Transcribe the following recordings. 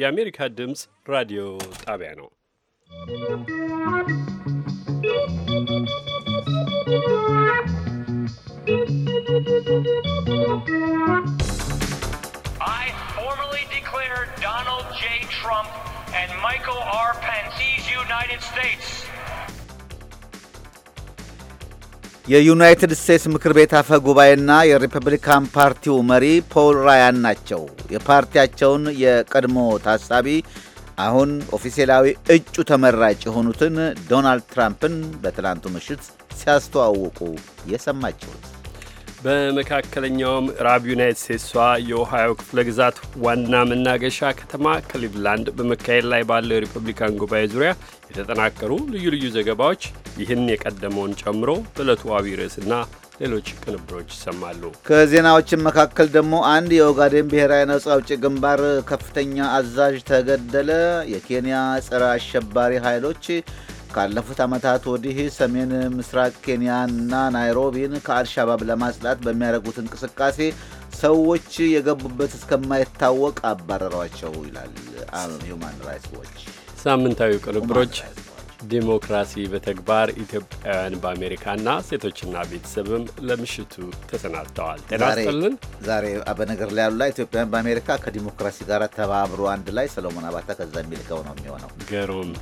የአሜሪካ ድምፅ ራዲዮ ጣቢያ ነው። I formally declare Donald J. Trump and Michael R. Pence, these United States. የዩናይትድ ስቴትስ ምክር ቤት አፈ ጉባኤና የሪፐብሊካን ፓርቲው መሪ ፖል ራያን ናቸው። የፓርቲያቸውን የቀድሞ ታሳቢ አሁን ኦፊሴላዊ እጩ ተመራጭ የሆኑትን ዶናልድ ትራምፕን በትላንቱ ምሽት ሲያስተዋውቁ የሰማችሁት። በመካከለኛው ምዕራብ ዩናይት ስቴትሷ የኦሃዮ ክፍለ ግዛት ዋና መናገሻ ከተማ ክሊቭላንድ በመካሄድ ላይ ባለው የሪፐብሊካን ጉባኤ ዙሪያ የተጠናቀሩ ልዩ ልዩ ዘገባዎች ይህን የቀደመውን ጨምሮ በዕለቱ አብይ ርዕስና ሌሎች ቅንብሮች ይሰማሉ። ከዜናዎችን መካከል ደግሞ አንድ የኦጋዴን ብሔራዊ ነጻ አውጪ ግንባር ከፍተኛ አዛዥ ተገደለ። የኬንያ ጸረ አሸባሪ ኃይሎች ካለፉት ዓመታት ወዲህ ሰሜን ምስራቅ ኬንያና ናይሮቢን ከአልሻባብ ለማጽዳት በሚያደርጉት እንቅስቃሴ ሰዎች የገቡበት እስከማይታወቅ አባረሯቸው ይላል ሁማን ራይትስ ዎች። ሳምንታዊ ቅንብሮች ዲሞክራሲ በተግባር ኢትዮጵያውያን በአሜሪካና ሴቶችና ቤተሰብም ለምሽቱ ተሰናድተዋል። ጤናስጥልን ዛሬ በነገር ላይ ያሉላ ኢትዮጵያውያን በአሜሪካ ከዲሞክራሲ ጋር ተባብሮ አንድ ላይ ሰሎሞን አባታ ከዛ የሚልከው ነው የሚሆነው። ገሩም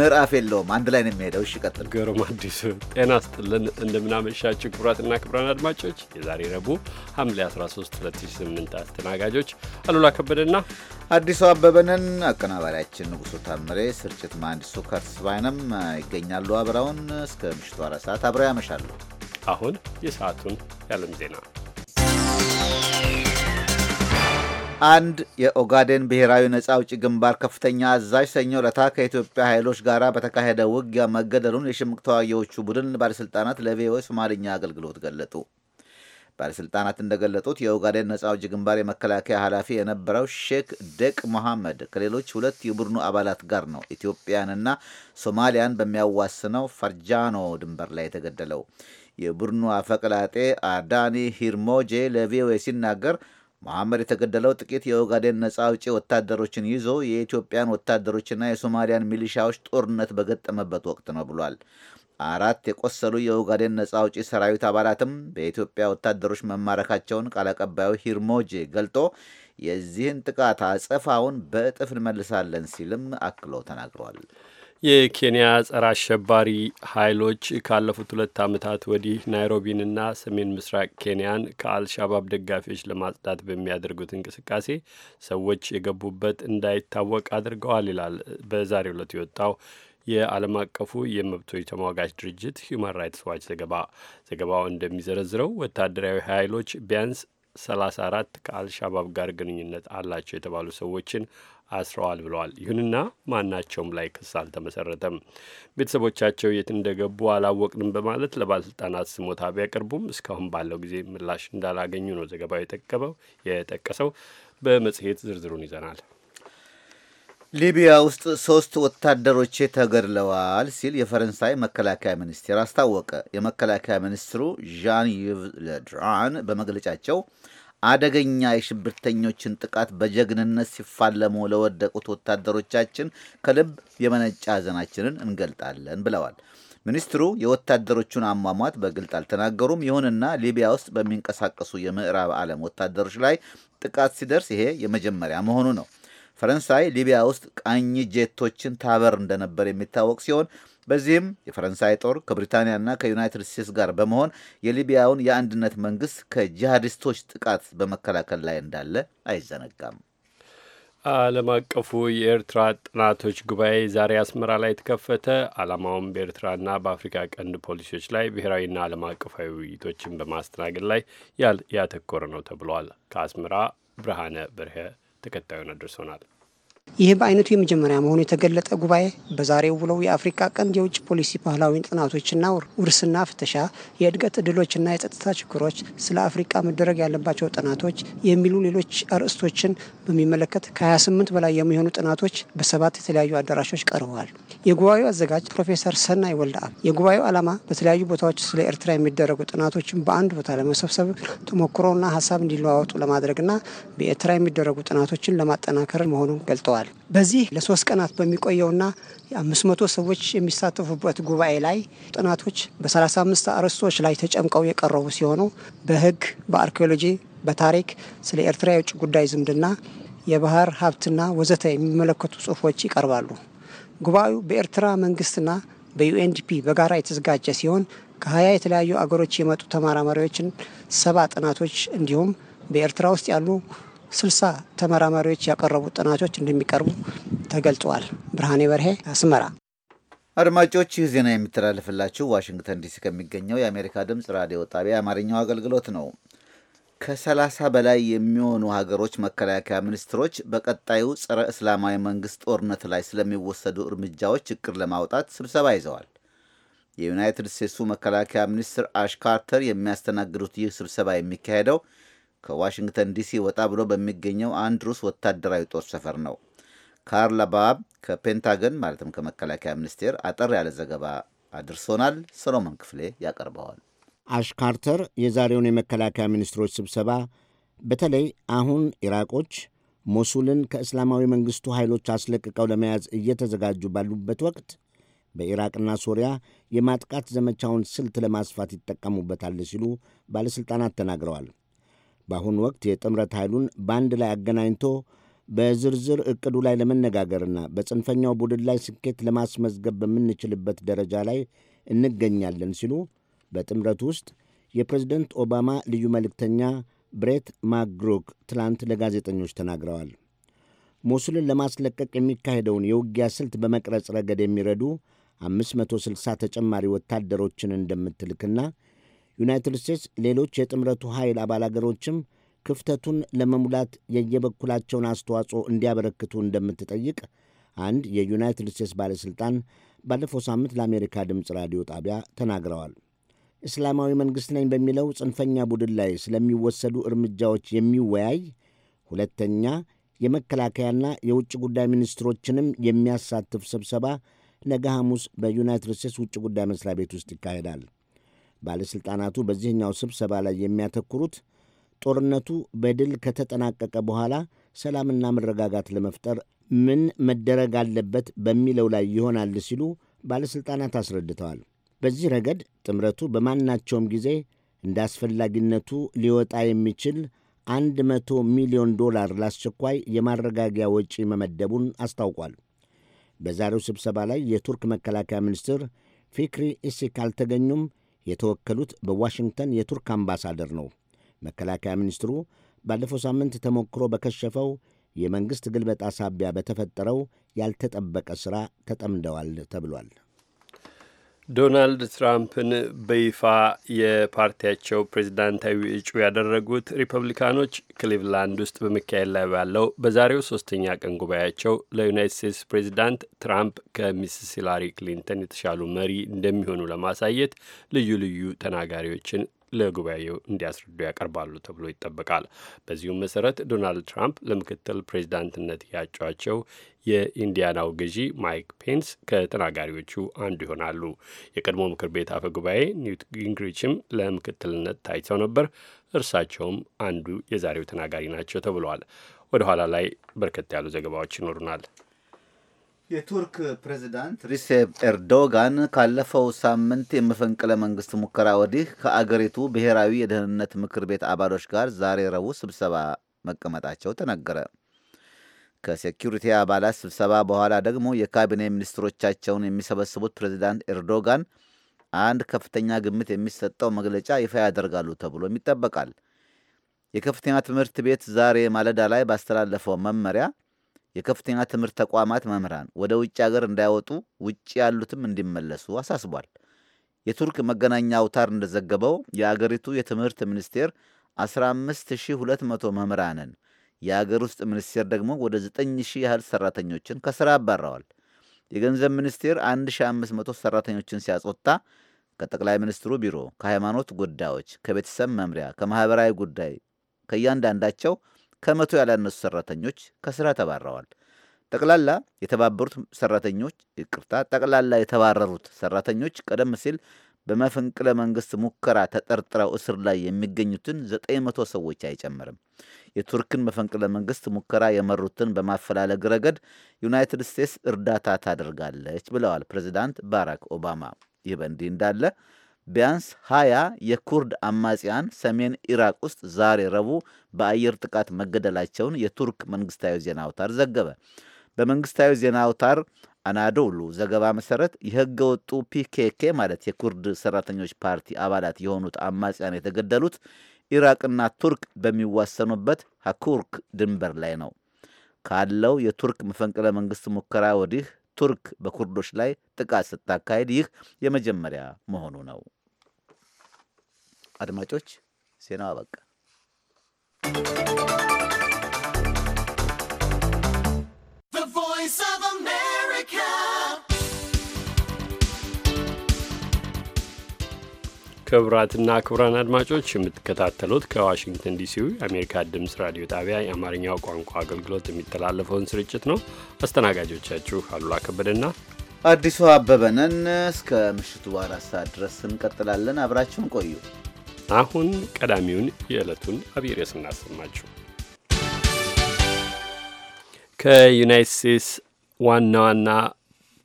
ምዕራፍ የለውም አንድ ላይ ነው የሚሄደው። እሺ ቀጥል። ገሩም አዲሱ ጤና ስጥልን። እንደምናመሻችሁ ክቡራትና ክቡራን አድማጮች የዛሬ ረቡዕ ሐምሌ 13 2008 አስተናጋጆች አሉላ ከበደና አዲሱ አበበንን፣ አቀናባሪያችን ንጉሱ ታምሬ፣ ስርጭት መሀንዲሱ ከርስ ባይነም ይገኛሉ። አብረውን እስከ ምሽቱ አራት ሰዓት አብረው ያመሻሉ። አሁን የሰዓቱን የዓለም ዜና አንድ የኦጋዴን ብሔራዊ ነጻ አውጪ ግንባር ከፍተኛ አዛዥ ሰኞ ለታ ከኢትዮጵያ ኃይሎች ጋር በተካሄደ ውጊያ መገደሉን የሽምቅ ተዋጊዎቹ ቡድን ባለሥልጣናት ለቪኦኤ ሶማልኛ አገልግሎት ገለጡ። ባለሥልጣናት እንደገለጡት የኦጋዴን ነጻ አውጪ ግንባር የመከላከያ ኃላፊ የነበረው ሼክ ደቅ መሐመድ ከሌሎች ሁለት የቡድኑ አባላት ጋር ነው ኢትዮጵያንና ሶማሊያን በሚያዋስነው ፈርጃኖ ድንበር ላይ የተገደለው። የቡድኑ አፈቀላጤ አዳኒ ሂርሞጄ ለቪኦኤ ሲናገር መሐመድ የተገደለው ጥቂት የኦጋዴን ነጻ አውጪ ወታደሮችን ይዞ የኢትዮጵያን ወታደሮችና የሶማሊያን ሚሊሻዎች ጦርነት በገጠመበት ወቅት ነው ብሏል። አራት የቆሰሉ የኡጋዴን ነጻ አውጪ ሰራዊት አባላትም በኢትዮጵያ ወታደሮች መማረካቸውን ቃል አቀባዩ ሂርሞጄ ገልጦ የዚህን ጥቃት አጸፋውን በእጥፍ እንመልሳለን ሲልም አክሎ ተናግሯል። የኬንያ ጸረ አሸባሪ ኃይሎች ካለፉት ሁለት ዓመታት ወዲህ ናይሮቢንና ሰሜን ምስራቅ ኬንያን ከአልሻባብ ደጋፊዎች ለማጽዳት በሚያደርጉት እንቅስቃሴ ሰዎች የገቡበት እንዳይታወቅ አድርገዋል ይላል በዛሬው ዕለት የወጣው የዓለም አቀፉ የመብቶች ተሟጋች ድርጅት ሂውማን ራይትስ ዋች ዘገባ። ዘገባው እንደሚዘረዝረው ወታደራዊ ኃይሎች ቢያንስ 34 ከአልሻባብ ጋር ግንኙነት አላቸው የተባሉ ሰዎችን አስረዋል ብለዋል። ይሁንና ማናቸውም ላይ ክስ አልተመሰረተም። ቤተሰቦቻቸው የት እንደገቡ አላወቅንም በማለት ለባለስልጣናት ስሞታ ቢያቀርቡም እስካሁን ባለው ጊዜ ምላሽ እንዳላገኙ ነው ዘገባው የጠቀሰው። በመጽሔት ዝርዝሩን ይዘናል። ሊቢያ ውስጥ ሶስት ወታደሮቼ ተገድለዋል ሲል የፈረንሳይ መከላከያ ሚኒስቴር አስታወቀ። የመከላከያ ሚኒስትሩ ዣን ዩቭ ለድራን በመግለጫቸው አደገኛ የሽብርተኞችን ጥቃት በጀግንነት ሲፋለሙ ለወደቁት ወታደሮቻችን ከልብ የመነጨ ሐዘናችንን እንገልጣለን ብለዋል። ሚኒስትሩ የወታደሮቹን አሟሟት በግልጥ አልተናገሩም። ይሁንና ሊቢያ ውስጥ በሚንቀሳቀሱ የምዕራብ ዓለም ወታደሮች ላይ ጥቃት ሲደርስ ይሄ የመጀመሪያ መሆኑ ነው። ፈረንሳይ ሊቢያ ውስጥ ቃኝ ጄቶችን ታበር እንደነበር የሚታወቅ ሲሆን በዚህም የፈረንሳይ ጦር ከብሪታንያና ከዩናይትድ ስቴትስ ጋር በመሆን የሊቢያውን የአንድነት መንግስት ከጂሃዲስቶች ጥቃት በመከላከል ላይ እንዳለ አይዘነጋም። ዓለም አቀፉ የኤርትራ ጥናቶች ጉባኤ ዛሬ አስመራ ላይ ተከፈተ። ዓላማውም በኤርትራና በአፍሪካ ቀንድ ፖሊሲዎች ላይ ብሔራዊና ዓለም አቀፋዊ ውይይቶችን በማስተናገድ ላይ ያተኮረ ነው ተብሏል። ከአስመራ ብርሃነ በርሄ ተከታዩን አድርሶናል። ይህ በአይነቱ የመጀመሪያ መሆኑ የተገለጠ ጉባኤ በዛሬው ውለው የአፍሪካ ቀንድ የውጭ ፖሊሲ ባህላዊ ጥናቶችና ውርስና ፍተሻ፣ የእድገት እድሎችና የጸጥታ ችግሮች፣ ስለ አፍሪካ መደረግ ያለባቸው ጥናቶች የሚሉ ሌሎች አርዕስቶችን በሚመለከት ከ28 በላይ የሚሆኑ ጥናቶች በሰባት የተለያዩ አዳራሾች ቀርበዋል። የጉባኤው አዘጋጅ ፕሮፌሰር ሰናይ ወልደአብ የጉባኤው ዓላማ በተለያዩ ቦታዎች ስለ ኤርትራ የሚደረጉ ጥናቶችን በአንድ ቦታ ለመሰብሰብ ተሞክሮና ሀሳብ እንዲለዋወጡ ለማድረግና በኤርትራ የሚደረጉ ጥናቶችን ለማጠናከር መሆኑን ገልጠዋል። ተገኝተዋል። በዚህ ለሶስት ቀናት በሚቆየውና የአምስት መቶ ሰዎች የሚሳተፉበት ጉባኤ ላይ ጥናቶች በ35 አርዕስቶች ላይ ተጨምቀው የቀረቡ ሲሆኑ በህግ በአርኪኦሎጂ፣ በታሪክ፣ ስለ ኤርትራ የውጭ ጉዳይ ዝምድና፣ የባህር ሀብትና ወዘተ የሚመለከቱ ጽሁፎች ይቀርባሉ። ጉባኤው በኤርትራ መንግስትና በዩኤንዲፒ በጋራ የተዘጋጀ ሲሆን ከሀያ የተለያዩ አገሮች የመጡ ተመራማሪዎችን ሰባ ጥናቶች እንዲሁም በኤርትራ ውስጥ ያሉ ስልሳ ተመራማሪዎች ያቀረቡ ጥናቶች እንደሚቀርቡ ተገልጸዋል። ብርሃኔ በርሄ አስመራ። አድማጮች ይህ ዜና የሚተላለፍላችሁ ዋሽንግተን ዲሲ ከሚገኘው የአሜሪካ ድምፅ ራዲዮ ጣቢያ የአማርኛው አገልግሎት ነው። ከሰላሳ በላይ የሚሆኑ ሀገሮች መከላከያ ሚኒስትሮች በቀጣዩ ጸረ እስላማዊ መንግስት ጦርነት ላይ ስለሚወሰዱ እርምጃዎች እቅድ ለማውጣት ስብሰባ ይዘዋል። የዩናይትድ ስቴትሱ መከላከያ ሚኒስትር አሽ ካርተር የሚያስተናግዱት ይህ ስብሰባ የሚካሄደው ከዋሽንግተን ዲሲ ወጣ ብሎ በሚገኘው አንድ ሩስ ወታደራዊ ጦር ሰፈር ነው። ካርላ ባብ ከፔንታገን ማለትም ከመከላከያ ሚኒስቴር አጠር ያለ ዘገባ አድርሶናል። ሰሎሞን ክፍሌ ያቀርበዋል። አሽ ካርተር የዛሬውን የመከላከያ ሚኒስትሮች ስብሰባ በተለይ አሁን ኢራቆች ሞሱልን ከእስላማዊ መንግሥቱ ኃይሎች አስለቅቀው ለመያዝ እየተዘጋጁ ባሉበት ወቅት በኢራቅና ሶሪያ የማጥቃት ዘመቻውን ስልት ለማስፋት ይጠቀሙበታል ሲሉ ባለሥልጣናት ተናግረዋል። በአሁኑ ወቅት የጥምረት ኃይሉን በአንድ ላይ አገናኝቶ በዝርዝር እቅዱ ላይ ለመነጋገርና በጽንፈኛው ቡድን ላይ ስኬት ለማስመዝገብ በምንችልበት ደረጃ ላይ እንገኛለን ሲሉ በጥምረቱ ውስጥ የፕሬዝደንት ኦባማ ልዩ መልእክተኛ ብሬት ማግሮክ ትላንት ለጋዜጠኞች ተናግረዋል። ሞሱልን ለማስለቀቅ የሚካሄደውን የውጊያ ስልት በመቅረጽ ረገድ የሚረዱ 560 ተጨማሪ ወታደሮችን እንደምትልክና ዩናይትድ ስቴትስ ሌሎች የጥምረቱ ኃይል አባል አገሮችም ክፍተቱን ለመሙላት የየበኩላቸውን አስተዋጽኦ እንዲያበረክቱ እንደምትጠይቅ አንድ የዩናይትድ ስቴትስ ባለሥልጣን ባለፈው ሳምንት ለአሜሪካ ድምፅ ራዲዮ ጣቢያ ተናግረዋል። እስላማዊ መንግሥት ነኝ በሚለው ጽንፈኛ ቡድን ላይ ስለሚወሰዱ እርምጃዎች የሚወያይ ሁለተኛ የመከላከያና የውጭ ጉዳይ ሚኒስትሮችንም የሚያሳትፍ ስብሰባ ነገ ሐሙስ በዩናይትድ ስቴትስ ውጭ ጉዳይ መሥሪያ ቤት ውስጥ ይካሄዳል። ባለሥልጣናቱ በዚህኛው ስብሰባ ላይ የሚያተኩሩት ጦርነቱ በድል ከተጠናቀቀ በኋላ ሰላምና መረጋጋት ለመፍጠር ምን መደረግ አለበት በሚለው ላይ ይሆናል ሲሉ ባለሥልጣናት አስረድተዋል። በዚህ ረገድ ጥምረቱ በማናቸውም ጊዜ እንደ አስፈላጊነቱ ሊወጣ የሚችል አንድ መቶ ሚሊዮን ዶላር ለአስቸኳይ የማረጋጊያ ወጪ መመደቡን አስታውቋል። በዛሬው ስብሰባ ላይ የቱርክ መከላከያ ሚኒስትር ፊክሪ ኢሲክ አልተገኙም። የተወከሉት በዋሽንግተን የቱርክ አምባሳደር ነው። መከላከያ ሚኒስትሩ ባለፈው ሳምንት ተሞክሮ በከሸፈው የመንግሥት ግልበጣ ሳቢያ በተፈጠረው ያልተጠበቀ ሥራ ተጠምደዋል ተብሏል። ዶናልድ ትራምፕን በይፋ የፓርቲያቸው ፕሬዚዳንታዊ እጩ ያደረጉት ሪፐብሊካኖች ክሊቭላንድ ውስጥ በመካሄድ ላይ ባለው በዛሬው ሶስተኛ ቀን ጉባኤያቸው ለዩናይት ስቴትስ ፕሬዚዳንት ትራምፕ ከሚስስ ሂላሪ ክሊንተን የተሻሉ መሪ እንደሚሆኑ ለማሳየት ልዩ ልዩ ተናጋሪዎችን ለጉባኤው እንዲያስረዱ ያቀርባሉ ተብሎ ይጠበቃል። በዚሁም መሰረት ዶናልድ ትራምፕ ለምክትል ፕሬዚዳንትነት ያጯቸው የኢንዲያናው ገዢ ማይክ ፔንስ ከተናጋሪዎቹ አንዱ ይሆናሉ። የቀድሞ ምክር ቤት አፈ ጉባኤ ኒውት ጊንግሪችም ለምክትልነት ታይተው ነበር። እርሳቸውም አንዱ የዛሬው ተናጋሪ ናቸው ተብሏል። ወደ ኋላ ላይ በርከት ያሉ ዘገባዎች ይኖሩናል። የቱርክ ፕሬዚዳንት ሪሴፕ ኤርዶጋን ካለፈው ሳምንት የመፈንቅለ መንግስት ሙከራ ወዲህ ከአገሪቱ ብሔራዊ የደህንነት ምክር ቤት አባሎች ጋር ዛሬ ረቡዕ ስብሰባ መቀመጣቸው ተነገረ። ከሴኪሪቲ አባላት ስብሰባ በኋላ ደግሞ የካቢኔ ሚኒስትሮቻቸውን የሚሰበስቡት ፕሬዚዳንት ኤርዶጋን አንድ ከፍተኛ ግምት የሚሰጠው መግለጫ ይፋ ያደርጋሉ ተብሎም ይጠበቃል። የከፍተኛ ትምህርት ቤት ዛሬ ማለዳ ላይ ባስተላለፈው መመሪያ የከፍተኛ ትምህርት ተቋማት መምህራን ወደ ውጭ ሀገር እንዳይወጡ ውጭ ያሉትም እንዲመለሱ አሳስቧል። የቱርክ መገናኛ አውታር እንደዘገበው የአገሪቱ የትምህርት ሚኒስቴር 15200 መምህራንን የአገር ውስጥ ሚኒስቴር ደግሞ ወደ 9000 ያህል ሰራተኞችን ከስራ አባረዋል። የገንዘብ ሚኒስቴር 1500 ሰራተኞችን ሲያስወጣ ከጠቅላይ ሚኒስትሩ ቢሮ፣ ከሃይማኖት ጉዳዮች፣ ከቤተሰብ መምሪያ፣ ከማህበራዊ ጉዳይ ከእያንዳንዳቸው ከመቶ ያላነሱ ሰራተኞች ከስራ ተባረዋል። ጠቅላላ የተባበሩት ሰራተኞች ይቅርታ፣ ጠቅላላ የተባረሩት ሰራተኞች ቀደም ሲል በመፈንቅለ መንግስት ሙከራ ተጠርጥረው እስር ላይ የሚገኙትን 900 ሰዎች አይጨምርም። የቱርክን መፈንቅለ መንግስት ሙከራ የመሩትን በማፈላለግ ረገድ ዩናይትድ ስቴትስ እርዳታ ታደርጋለች ብለዋል ፕሬዚዳንት ባራክ ኦባማ። ይህ በእንዲህ እንዳለ ቢያንስ ሀያ የኩርድ አማጽያን ሰሜን ኢራቅ ውስጥ ዛሬ ረቡዕ በአየር ጥቃት መገደላቸውን የቱርክ መንግስታዊ ዜና አውታር ዘገበ። በመንግስታዊ ዜና አውታር አናዶሉ ዘገባ መሰረት የህገ ወጡ ፒኬኬ ማለት የኩርድ ሰራተኞች ፓርቲ አባላት የሆኑት አማጽያን የተገደሉት ኢራቅና ቱርክ በሚዋሰኑበት ሀኩርክ ድንበር ላይ ነው። ካለው የቱርክ መፈንቅለ መንግስት ሙከራ ወዲህ ቱርክ በኩርዶች ላይ ጥቃት ስታካሄድ ይህ የመጀመሪያ መሆኑ ነው። አድማጮች ዜናው አበቃ። ክቡራትና ክቡራን አድማጮች የምትከታተሉት ከዋሽንግተን ዲሲው የአሜሪካ ድምፅ ራዲዮ ጣቢያ የአማርኛው ቋንቋ አገልግሎት የሚተላለፈውን ስርጭት ነው። አስተናጋጆቻችሁ አሉላ ከበደና አዲሱ አበበ ነን። እስከ ምሽቱ አራት ሰዓት ድረስ እንቀጥላለን። አብራችሁን ቆዩ። አሁን ቀዳሚውን የዕለቱን አብይ ርዕስ እናሰማችሁ። ከዩናይት ስቴትስ ዋና ዋና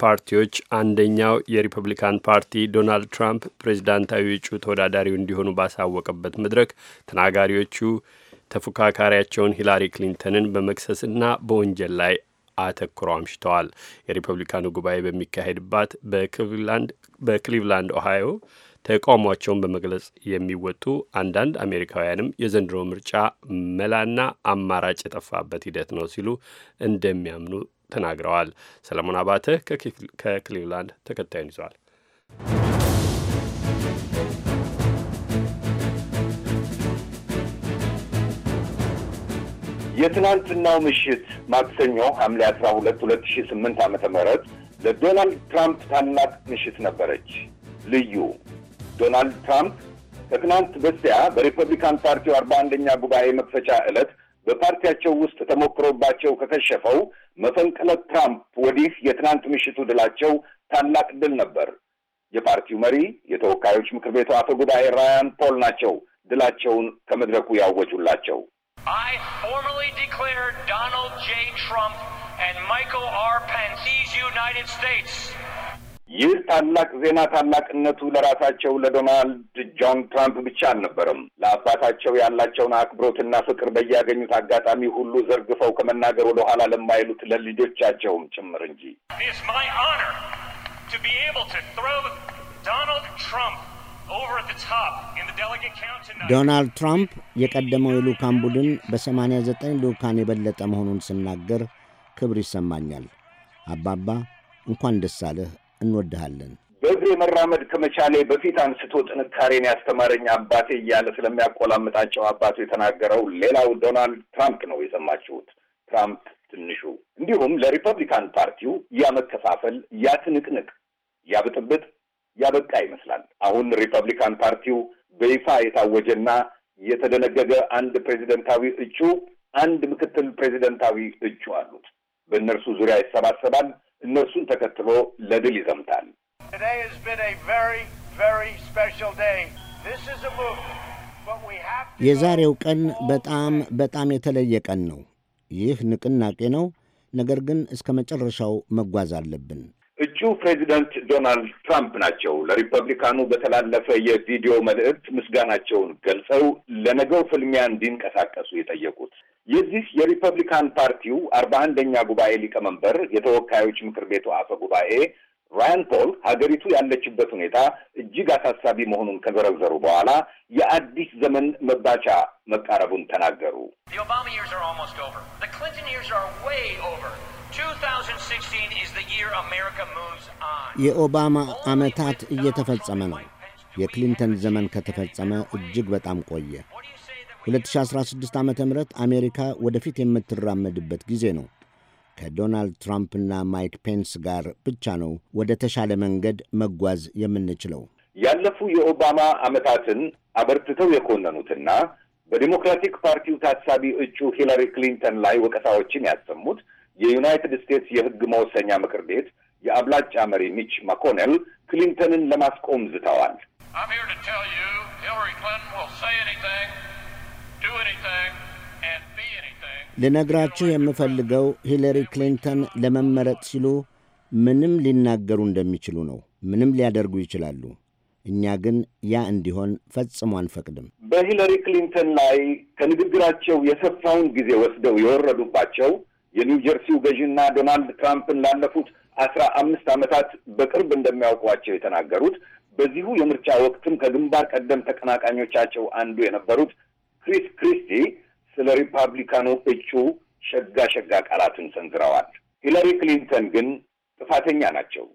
ፓርቲዎች አንደኛው የሪፐብሊካን ፓርቲ ዶናልድ ትራምፕ ፕሬዚዳንታዊ እጩ ተወዳዳሪው እንዲሆኑ ባሳወቀበት መድረክ ተናጋሪዎቹ ተፎካካሪያቸውን ሂላሪ ክሊንተንን በመክሰስና በወንጀል ላይ አተኩረው አምሽተዋል። የሪፐብሊካኑ ጉባኤ በሚካሄድባት በክሊቭላንድ ኦሃዮ ተቃውሟቸውን በመግለጽ የሚወጡ አንዳንድ አሜሪካውያንም የዘንድሮ ምርጫ መላና አማራጭ የጠፋበት ሂደት ነው ሲሉ እንደሚያምኑ ተናግረዋል። ሰለሞን አባተ ከክሊቭላንድ ተከታዩን ይዘዋል። የትናንትናው ምሽት ማክሰኞ ሐምሌ አስራ ሁለት ሁለት ሺ ስምንት ለዶናልድ ትራምፕ ታላቅ ምሽት ነበረች። ልዩ ዶናልድ ትራምፕ ከትናንት በስቲያ በሪፐብሊካን ፓርቲው አርባ አንደኛ ጉባኤ መክፈቻ ዕለት በፓርቲያቸው ውስጥ ተሞክሮባቸው ከከሸፈው መፈንቅለ ትራምፕ ወዲህ የትናንት ምሽቱ ድላቸው ታላቅ ድል ነበር። የፓርቲው መሪ የተወካዮች ምክር ቤቱ አፈ ጉባኤ ራያን ፖል ናቸው ድላቸውን ከመድረኩ ያወጁላቸው። ዶናልድ ጄ ትራምፕ ይህ ታላቅ ዜና ታላቅነቱ ለራሳቸው ለዶናልድ ጆን ትራምፕ ብቻ አልነበረም። ለአባታቸው ያላቸውን አክብሮትና ፍቅር በያገኙት አጋጣሚ ሁሉ ዘርግፈው ከመናገር ወደ ኋላ ለማይሉት ለልጆቻቸውም ጭምር እንጂ። ዶናልድ ትራምፕ የቀደመው የልዑካን ቡድን በ ዘጠኝ ልዑካን የበለጠ መሆኑን ስናገር ክብር ይሰማኛል። አባባ እንኳን ደስ አለህ እንወድሃለን። በእግሬ መራመድ ከመቻሌ በፊት አንስቶ ጥንካሬን ያስተማረኝ አባቴ እያለ ስለሚያቆላምጣቸው አባቱ የተናገረው ሌላው ዶናልድ ትራምፕ ነው የሰማችሁት። ትራምፕ ትንሹ እንዲሁም ለሪፐብሊካን ፓርቲው ያመከፋፈል ያትንቅንቅ ያብጥብጥ ያበቃ ይመስላል። አሁን ሪፐብሊካን ፓርቲው በይፋ የታወጀና የተደነገገ አንድ ፕሬዚደንታዊ እጩ፣ አንድ ምክትል ፕሬዚደንታዊ እጩ አሉት። በእነርሱ ዙሪያ ይሰባሰባል። እነርሱን ተከትሎ ለድል ይዘምታል። የዛሬው ቀን በጣም በጣም የተለየ ቀን ነው። ይህ ንቅናቄ ነው። ነገር ግን እስከ መጨረሻው መጓዝ አለብን። እጩ ፕሬዚደንት ዶናልድ ትራምፕ ናቸው። ለሪፐብሊካኑ በተላለፈ የቪዲዮ መልእክት ምስጋናቸውን ገልጸው ለነገው ፍልሚያ እንዲንቀሳቀሱ የጠየቁት የዚህ የሪፐብሊካን ፓርቲው አርባ አንደኛ ጉባኤ ሊቀመንበር የተወካዮች ምክር ቤቱ አፈ ጉባኤ ራያን ፖል ሀገሪቱ ያለችበት ሁኔታ እጅግ አሳሳቢ መሆኑን ከዘረዘሩ በኋላ የአዲስ ዘመን መባቻ መቃረቡን ተናገሩ። የኦባማ ዓመታት እየተፈጸመ ነው። የክሊንተን ዘመን ከተፈጸመ እጅግ በጣም ቆየ። 2016 ዓ ም አሜሪካ ወደፊት የምትራመድበት ጊዜ ነው። ከዶናልድ ትራምፕና ማይክ ፔንስ ጋር ብቻ ነው ወደ ተሻለ መንገድ መጓዝ የምንችለው። ያለፉ የኦባማ ዓመታትን አበርትተው የኮነኑትና በዲሞክራቲክ ፓርቲው ታሳቢ እጩ ሂላሪ ክሊንተን ላይ ወቀሳዎችን ያሰሙት የዩናይትድ ስቴትስ የሕግ መወሰኛ ምክር ቤት የአብላጫ መሪ ሚች ማኮኔል ክሊንተንን ለማስቆም ዝተዋል። ልነግራችሁ የምፈልገው ሂለሪ ክሊንተን ለመመረጥ ሲሉ ምንም ሊናገሩ እንደሚችሉ ነው። ምንም ሊያደርጉ ይችላሉ። እኛ ግን ያ እንዲሆን ፈጽሞ አንፈቅድም። በሂለሪ ክሊንተን ላይ ከንግግራቸው የሰፋውን ጊዜ ወስደው የወረዱባቸው የኒው ጀርሲው ገዢና ዶናልድ ትራምፕን ላለፉት አስራ አምስት ዓመታት በቅርብ እንደሚያውቋቸው የተናገሩት በዚሁ የምርጫ ወቅትም ከግንባር ቀደም ተቀናቃኞቻቸው አንዱ የነበሩት ክሪስ ክሪስቲ ስለ ሪፓብሊካኑ እጩ ሸጋ ሸጋ ቃላትን ሰንዝረዋል። ሂለሪ ክሊንተን ግን ጥፋተኛ ናቸው፣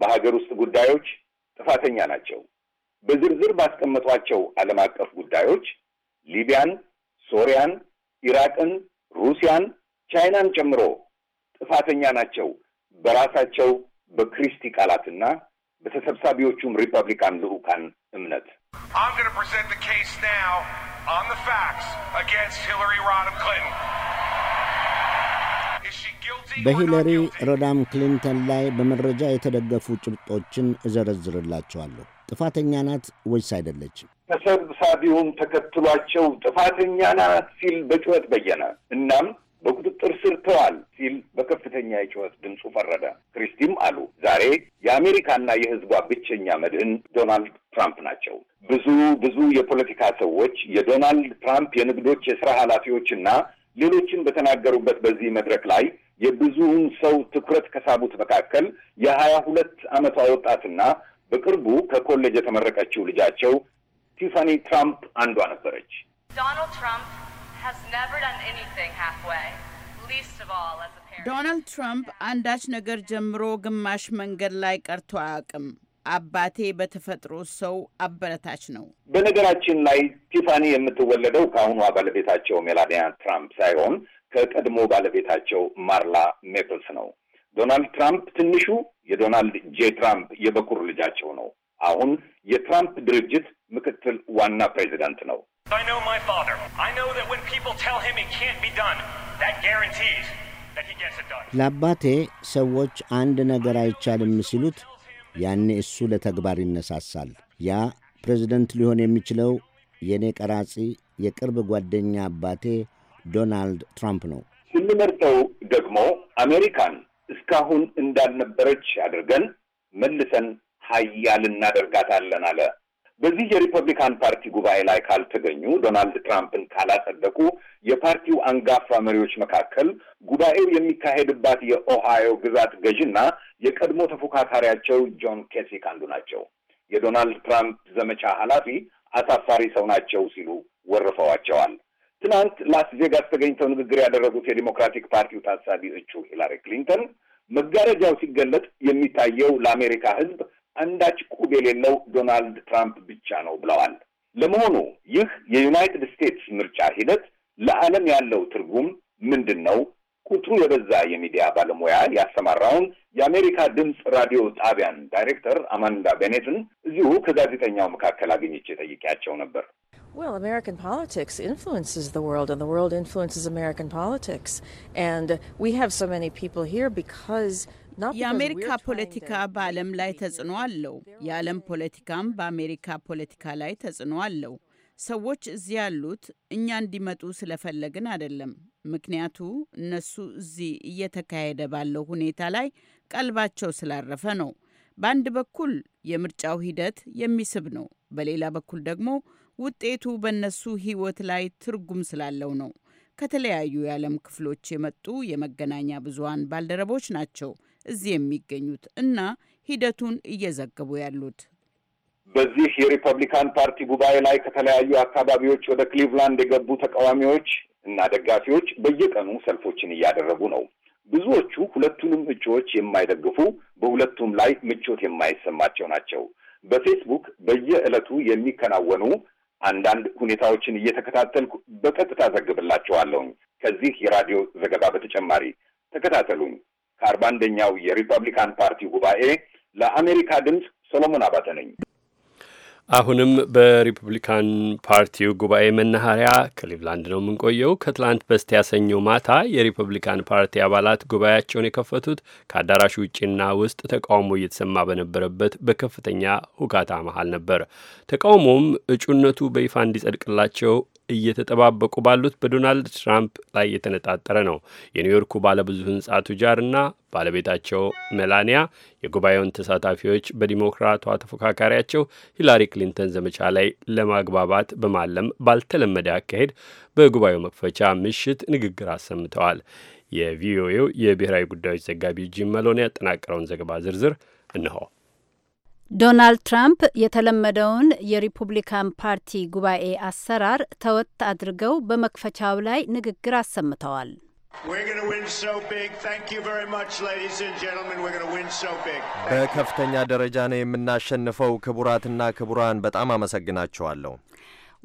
በሀገር ውስጥ ጉዳዮች ጥፋተኛ ናቸው። በዝርዝር ባስቀመጧቸው ዓለም አቀፍ ጉዳዮች ሊቢያን፣ ሶሪያን፣ ኢራቅን፣ ሩሲያን፣ ቻይናን ጨምሮ ጥፋተኛ ናቸው በራሳቸው በክሪስቲ ቃላትና በተሰብሳቢዎቹም ሪፐብሊካን ልዑካን እምነት on the facts against Hillary Rodham Clinton. በሂለሪ ሮዳም ክሊንተን ላይ በመረጃ የተደገፉ ጭብጦችን እዘረዝርላቸዋለሁ። ጥፋተኛ ናት ወይስ አይደለችም? ተሰብሳቢውም ተከትሏቸው ጥፋተኛ ናት ሲል በጩኸት በየነ። እናም በቁጥጥር ስር ተዋል ሲል በከፍተኛ የጩኸት ድምፁ ፈረደ። ክሪስቲም አሉ ዛሬ የአሜሪካና የሕዝቧ ብቸኛ መድህን ዶናልድ ትራምፕ ናቸው። ብዙ ብዙ የፖለቲካ ሰዎች የዶናልድ ትራምፕ የንግዶች የስራ ኃላፊዎችና ሌሎችን በተናገሩበት በዚህ መድረክ ላይ የብዙውን ሰው ትኩረት ከሳቡት መካከል የሀያ ሁለት ዓመቷ ወጣትና በቅርቡ ከኮሌጅ የተመረቀችው ልጃቸው ቲፋኒ ትራምፕ አንዷ ነበረች። ዶናልድ ትራምፕ አንዳች ነገር ጀምሮ ግማሽ መንገድ ላይ ቀርቶ አያውቅም። አባቴ በተፈጥሮ ሰው አበረታች ነው። በነገራችን ላይ ቲፋኒ የምትወለደው ከአሁኗ ባለቤታቸው ሜላኒያ ትራምፕ ሳይሆን ከቀድሞ ባለቤታቸው ማርላ ሜፕልስ ነው። ዶናልድ ትራምፕ ትንሹ የዶናልድ ጄ ትራምፕ የበኩር ልጃቸው ነው። አሁን የትራምፕ ድርጅት ምክትል ዋና ፕሬዚዳንት ነው። ለአባቴ ሰዎች አንድ ነገር አይቻልም ሲሉት ያኔ እሱ ለተግባር ይነሳሳል። ያ ፕሬዚደንት ሊሆን የሚችለው የእኔ ቀራጺ የቅርብ ጓደኛ አባቴ ዶናልድ ትራምፕ ነው። ስንመርጠው ደግሞ አሜሪካን እስካሁን እንዳልነበረች አድርገን መልሰን ሀያል እናደርጋታለን አለ። በዚህ የሪፐብሊካን ፓርቲ ጉባኤ ላይ ካልተገኙ ዶናልድ ትራምፕን ካላጸደቁ የፓርቲው አንጋፋ መሪዎች መካከል ጉባኤው የሚካሄድባት የኦሃዮ ግዛት ገዥና የቀድሞ ተፎካካሪያቸው ጆን ኬሲክ አንዱ ናቸው። የዶናልድ ትራምፕ ዘመቻ ኃላፊ አሳፋሪ ሰው ናቸው ሲሉ ወርፈዋቸዋል። ትናንት ላስ ቬጋስ ተገኝተው ንግግር ያደረጉት የዲሞክራቲክ ፓርቲው ታሳቢ እጩ ሂላሪ ክሊንተን መጋረጃው ሲገለጥ የሚታየው ለአሜሪካ ሕዝብ አንዳች ቁብ የሌለው ዶናልድ ትራምፕ ብቻ ነው ብለዋል። ለመሆኑ ይህ የዩናይትድ ስቴትስ ምርጫ ሂደት ለዓለም ያለው ትርጉም ምንድን ነው? ቁጥሩ የበዛ የሚዲያ ባለሙያ ያሰማራውን የአሜሪካ ድምፅ ራዲዮ ጣቢያን ዳይሬክተር አማንዳ ቤኔትን እዚሁ ከጋዜጠኛው መካከል አግኝቼ ጠይቄያቸው ነበር። Well, American politics influences the world, and the world influences American politics. And we have so many people here because የአሜሪካ ፖለቲካ በዓለም ላይ ተጽዕኖ አለው። የዓለም ፖለቲካም በአሜሪካ ፖለቲካ ላይ ተጽዕኖ አለው። ሰዎች እዚህ ያሉት እኛ እንዲመጡ ስለፈለግን አይደለም። ምክንያቱ እነሱ እዚህ እየተካሄደ ባለው ሁኔታ ላይ ቀልባቸው ስላረፈ ነው። በአንድ በኩል የምርጫው ሂደት የሚስብ ነው፣ በሌላ በኩል ደግሞ ውጤቱ በእነሱ ሕይወት ላይ ትርጉም ስላለው ነው። ከተለያዩ የዓለም ክፍሎች የመጡ የመገናኛ ብዙሃን ባልደረቦች ናቸው እዚህ የሚገኙት እና ሂደቱን እየዘገቡ ያሉት። በዚህ የሪፐብሊካን ፓርቲ ጉባኤ ላይ ከተለያዩ አካባቢዎች ወደ ክሊቭላንድ የገቡ ተቃዋሚዎች እና ደጋፊዎች በየቀኑ ሰልፎችን እያደረጉ ነው። ብዙዎቹ ሁለቱንም እጩዎች የማይደግፉ በሁለቱም ላይ ምቾት የማይሰማቸው ናቸው። በፌስቡክ በየዕለቱ የሚከናወኑ አንዳንድ ሁኔታዎችን እየተከታተልኩ በቀጥታ ዘግብላችኋለሁኝ። ከዚህ የራዲዮ ዘገባ በተጨማሪ ተከታተሉኝ። ከአርባ አንደኛው የሪፐብሊካን ፓርቲ ጉባኤ ለአሜሪካ ድምፅ ሰሎሞን አባተ ነኝ። አሁንም በሪፐብሊካን ፓርቲው ጉባኤ መናኸሪያ ክሊቭላንድ ነው የምንቆየው። ከትላንት በስቲያ ሰኞ ማታ የሪፐብሊካን ፓርቲ አባላት ጉባኤያቸውን የከፈቱት ከአዳራሽ ውጭና ውስጥ ተቃውሞ እየተሰማ በነበረበት በከፍተኛ ሁካታ መሀል ነበር። ተቃውሞም እጩነቱ በይፋ እንዲጸድቅላቸው እየተጠባበቁ ባሉት በዶናልድ ትራምፕ ላይ የተነጣጠረ ነው። የኒውዮርኩ ባለብዙ ህንጻ ቱጃርና ባለቤታቸው ሜላኒያ የጉባኤውን ተሳታፊዎች በዲሞክራቷ ተፎካካሪያቸው ሂላሪ ክሊንተን ዘመቻ ላይ ለማግባባት በማለም ባልተለመደ አካሄድ በጉባኤው መክፈቻ ምሽት ንግግር አሰምተዋል። የቪኦኤው የብሔራዊ ጉዳዮች ዘጋቢ ጂም መሎን ያጠናቀረውን ዘገባ ዝርዝር እንሆ ዶናልድ ትራምፕ የተለመደውን የሪፑብሊካን ፓርቲ ጉባኤ አሰራር ተወት አድርገው በመክፈቻው ላይ ንግግር አሰምተዋል። በከፍተኛ ደረጃ ነው የምናሸንፈው። ክቡራትና ክቡራን በጣም አመሰግናችኋለሁ።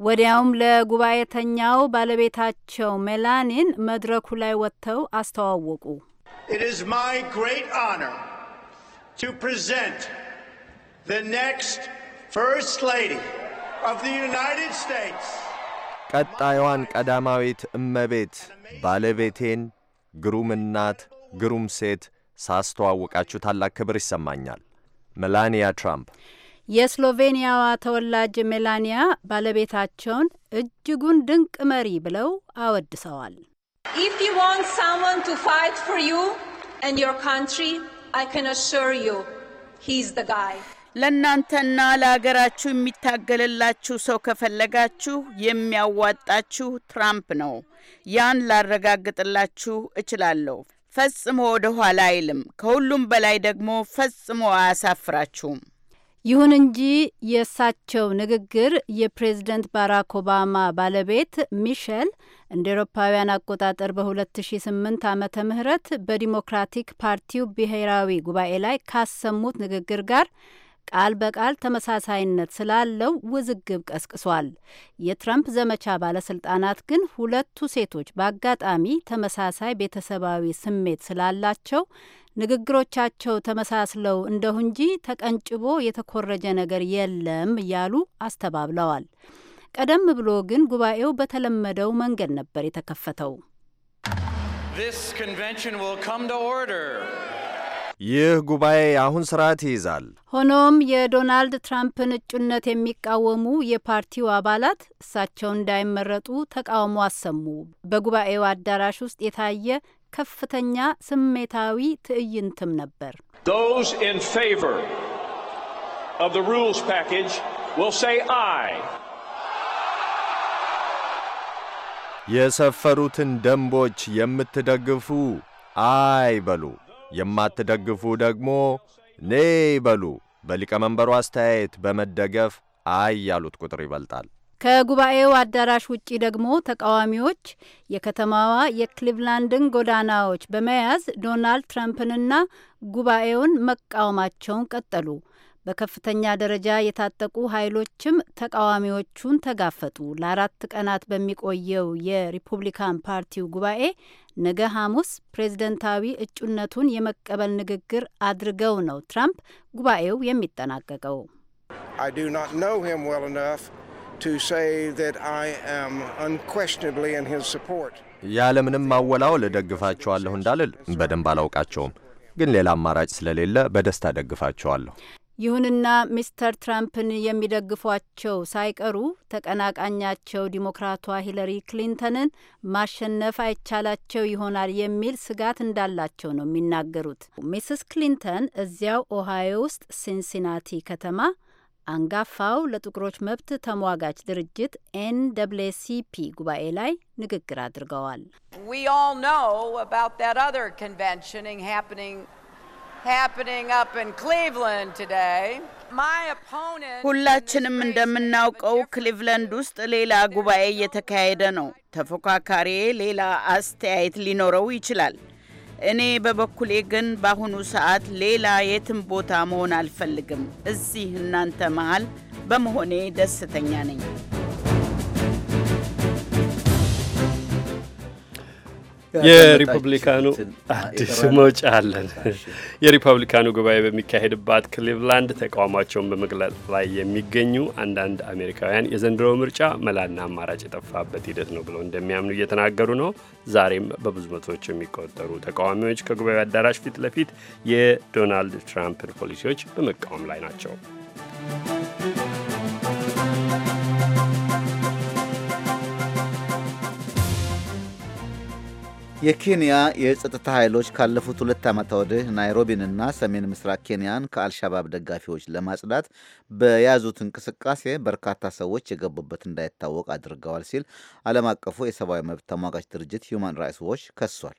ወዲያውም ለጉባኤተኛው ባለቤታቸው ሜላኒን መድረኩ ላይ ወጥተው አስተዋወቁ። the next First Lady of the United States. ቀጣዩዋን ቀዳማዊት እመቤት ባለቤቴን ግሩም እናት፣ ግሩም ሴት ሳስተዋወቃችሁ ታላቅ ክብር ይሰማኛል። ሜላኒያ ትራምፕ የስሎቬኒያዋ ተወላጅ ሜላኒያ ባለቤታቸውን እጅጉን ድንቅ መሪ ብለው አወድሰዋል። ካንትሪ ለእናንተና ለአገራችሁ የሚታገልላችሁ ሰው ከፈለጋችሁ የሚያዋጣችሁ ትራምፕ ነው። ያን ላረጋግጥላችሁ እችላለሁ። ፈጽሞ ወደ ኋላ አይልም። ከሁሉም በላይ ደግሞ ፈጽሞ አያሳፍራችሁም። ይሁን እንጂ የእሳቸው ንግግር የፕሬዝደንት ባራክ ኦባማ ባለቤት ሚሸል እንደ ኤሮፓውያን አቆጣጠር በ2008 ዓመተ ምህረት በዲሞክራቲክ ፓርቲው ብሔራዊ ጉባኤ ላይ ካሰሙት ንግግር ጋር ቃል በቃል ተመሳሳይነት ስላለው ውዝግብ ቀስቅሷል። የትራምፕ ዘመቻ ባለስልጣናት ግን ሁለቱ ሴቶች በአጋጣሚ ተመሳሳይ ቤተሰባዊ ስሜት ስላላቸው ንግግሮቻቸው ተመሳስለው እንደሁ እንጂ ተቀንጭቦ የተኮረጀ ነገር የለም እያሉ አስተባብለዋል። ቀደም ብሎ ግን ጉባኤው በተለመደው መንገድ ነበር የተከፈተው። ይህ ጉባኤ አሁን ስርዓት ይይዛል። ሆኖም የዶናልድ ትራምፕን እጩነት የሚቃወሙ የፓርቲው አባላት እሳቸው እንዳይመረጡ ተቃውሞ አሰሙ። በጉባኤው አዳራሽ ውስጥ የታየ ከፍተኛ ስሜታዊ ትዕይንትም ነበር። የሰፈሩትን ደንቦች የምትደግፉ አይ በሉ የማትደግፉ ደግሞ ኔ ይበሉ። በሊቀመንበሩ አስተያየት በመደገፍ አይ ያሉት ቁጥር ይበልጣል። ከጉባኤው አዳራሽ ውጪ ደግሞ ተቃዋሚዎች የከተማዋ የክሊቭላንድን ጎዳናዎች በመያዝ ዶናልድ ትራምፕንና ጉባኤውን መቃወማቸውን ቀጠሉ። በከፍተኛ ደረጃ የታጠቁ ኃይሎችም ተቃዋሚዎቹን ተጋፈጡ። ለአራት ቀናት በሚቆየው የሪፑብሊካን ፓርቲው ጉባኤ ነገ ሐሙስ ፕሬዝደንታዊ እጩነቱን የመቀበል ንግግር አድርገው ነው ትራምፕ ጉባኤው የሚጠናቀቀው። ያለምንም ማወላወል ደግፋቸዋለሁ እንዳልል በደንብ አላውቃቸውም ግን ሌላ አማራጭ ስለሌለ በደስታ ደግፋቸዋለሁ። ይሁንና ሚስተር ትራምፕን የሚደግፏቸው ሳይቀሩ ተቀናቃኛቸው ዲሞክራቷ ሂለሪ ክሊንተንን ማሸነፍ አይቻላቸው ይሆናል የሚል ስጋት እንዳላቸው ነው የሚናገሩት። ሚስስ ክሊንተን እዚያው ኦሃዮ ውስጥ ሲንሲናቲ ከተማ አንጋፋው ለጥቁሮች መብት ተሟጋች ድርጅት ኤን ሲ ፒ ጉባኤ ላይ ንግግር አድርገዋል። happening up in Cleveland today. ሁላችንም እንደምናውቀው ክሊቭለንድ ውስጥ ሌላ ጉባኤ እየተካሄደ ነው። ተፎካካሪ ሌላ አስተያየት ሊኖረው ይችላል። እኔ በበኩሌ ግን በአሁኑ ሰዓት ሌላ የትም ቦታ መሆን አልፈልግም። እዚህ እናንተ መሃል በመሆኔ ደስተኛ ነኝ። የሪፐብሊካኑ አዲስ መውጫ አለን። የሪፐብሊካኑ ጉባኤ በሚካሄድባት ክሊቭላንድ ተቃውሟቸውን በመግለጽ ላይ የሚገኙ አንዳንድ አሜሪካውያን የዘንድሮ ምርጫ መላና አማራጭ የጠፋበት ሂደት ነው ብለው እንደሚያምኑ እየተናገሩ ነው። ዛሬም በብዙ መቶዎች የሚቆጠሩ ተቃዋሚዎች ከጉባኤው አዳራሽ ፊት ለፊት የዶናልድ ትራምፕን ፖሊሲዎች በመቃወም ላይ ናቸው። የኬንያ የጸጥታ ኃይሎች ካለፉት ሁለት ዓመታት ወዲህ ናይሮቢንና ሰሜን ምስራቅ ኬንያን ከአልሻባብ ደጋፊዎች ለማጽዳት በያዙት እንቅስቃሴ በርካታ ሰዎች የገቡበት እንዳይታወቅ አድርገዋል ሲል ዓለም አቀፉ የሰብአዊ መብት ተሟጋች ድርጅት ሁማን ራይትስ ዎች ከሷል።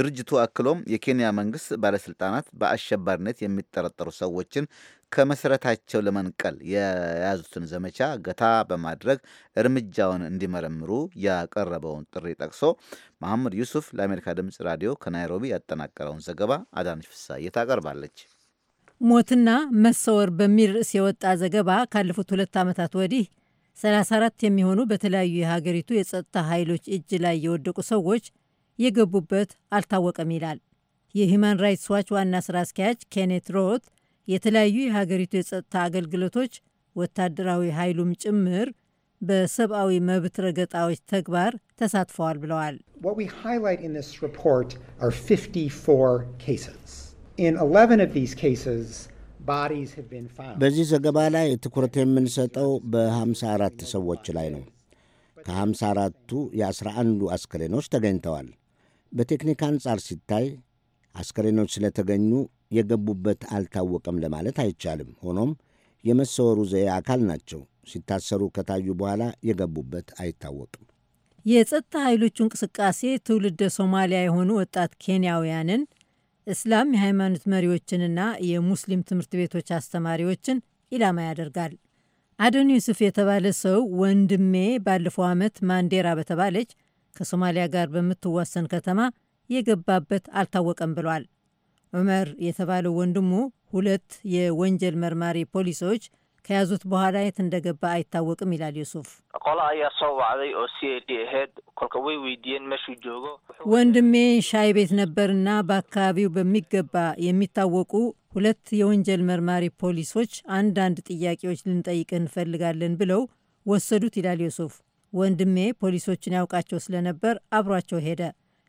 ድርጅቱ አክሎም የኬንያ መንግሥት ባለሥልጣናት በአሸባሪነት የሚጠረጠሩ ሰዎችን ከመሰረታቸው ለመንቀል የያዙትን ዘመቻ ገታ በማድረግ እርምጃውን እንዲመረምሩ ያቀረበውን ጥሪ ጠቅሶ መሐመድ ዩሱፍ ለአሜሪካ ድምፅ ራዲዮ ከናይሮቢ ያጠናቀረውን ዘገባ አዳነች ፍሳዬ ታቀርባለች። ሞትና መሰወር በሚል ርዕስ የወጣ ዘገባ ካለፉት ሁለት ዓመታት ወዲህ 34 የሚሆኑ በተለያዩ የሀገሪቱ የጸጥታ ኃይሎች እጅ ላይ የወደቁ ሰዎች የገቡበት አልታወቀም ይላል። የሂማን ራይትስ ዋች ዋና ስራ አስኪያጅ ኬኔት ሮት የተለያዩ የሀገሪቱ የጸጥታ አገልግሎቶች ወታደራዊ ኃይሉም ጭምር በሰብአዊ መብት ረገጣዎች ተግባር ተሳትፈዋል ብለዋል። በዚህ ዘገባ ላይ ትኩረት የምንሰጠው በ54 ሰዎች ላይ ነው። ከ54ቱ የ11ዱ አስከሬኖች ተገኝተዋል። በቴክኒክ አንጻር ሲታይ አስከሬኖች ስለተገኙ የገቡበት አልታወቀም ለማለት አይቻልም። ሆኖም የመሰወሩ ዘዬ አካል ናቸው። ሲታሰሩ ከታዩ በኋላ የገቡበት አይታወቅም። የጸጥታ ኃይሎቹ እንቅስቃሴ ትውልደ ሶማሊያ የሆኑ ወጣት ኬንያውያንን፣ እስላም የሃይማኖት መሪዎችንና የሙስሊም ትምህርት ቤቶች አስተማሪዎችን ኢላማ ያደርጋል። አደን ዩስፍ የተባለ ሰው ወንድሜ ባለፈው ዓመት ማንዴራ በተባለች ከሶማሊያ ጋር በምትዋሰን ከተማ የገባበት አልታወቀም ብሏል። ዑመር የተባለው ወንድሙ ሁለት የወንጀል መርማሪ ፖሊሶች ከያዙት በኋላ የት እንደገባ አይታወቅም ይላል ዩሱፍ። ወንድሜ ሻይ ቤት ነበርና በአካባቢው በሚገባ የሚታወቁ ሁለት የወንጀል መርማሪ ፖሊሶች አንዳንድ ጥያቄዎች ልንጠይቅ እንፈልጋለን ብለው ወሰዱት ይላል ዩሱፍ። ወንድሜ ፖሊሶችን ያውቃቸው ስለነበር አብሯቸው ሄደ።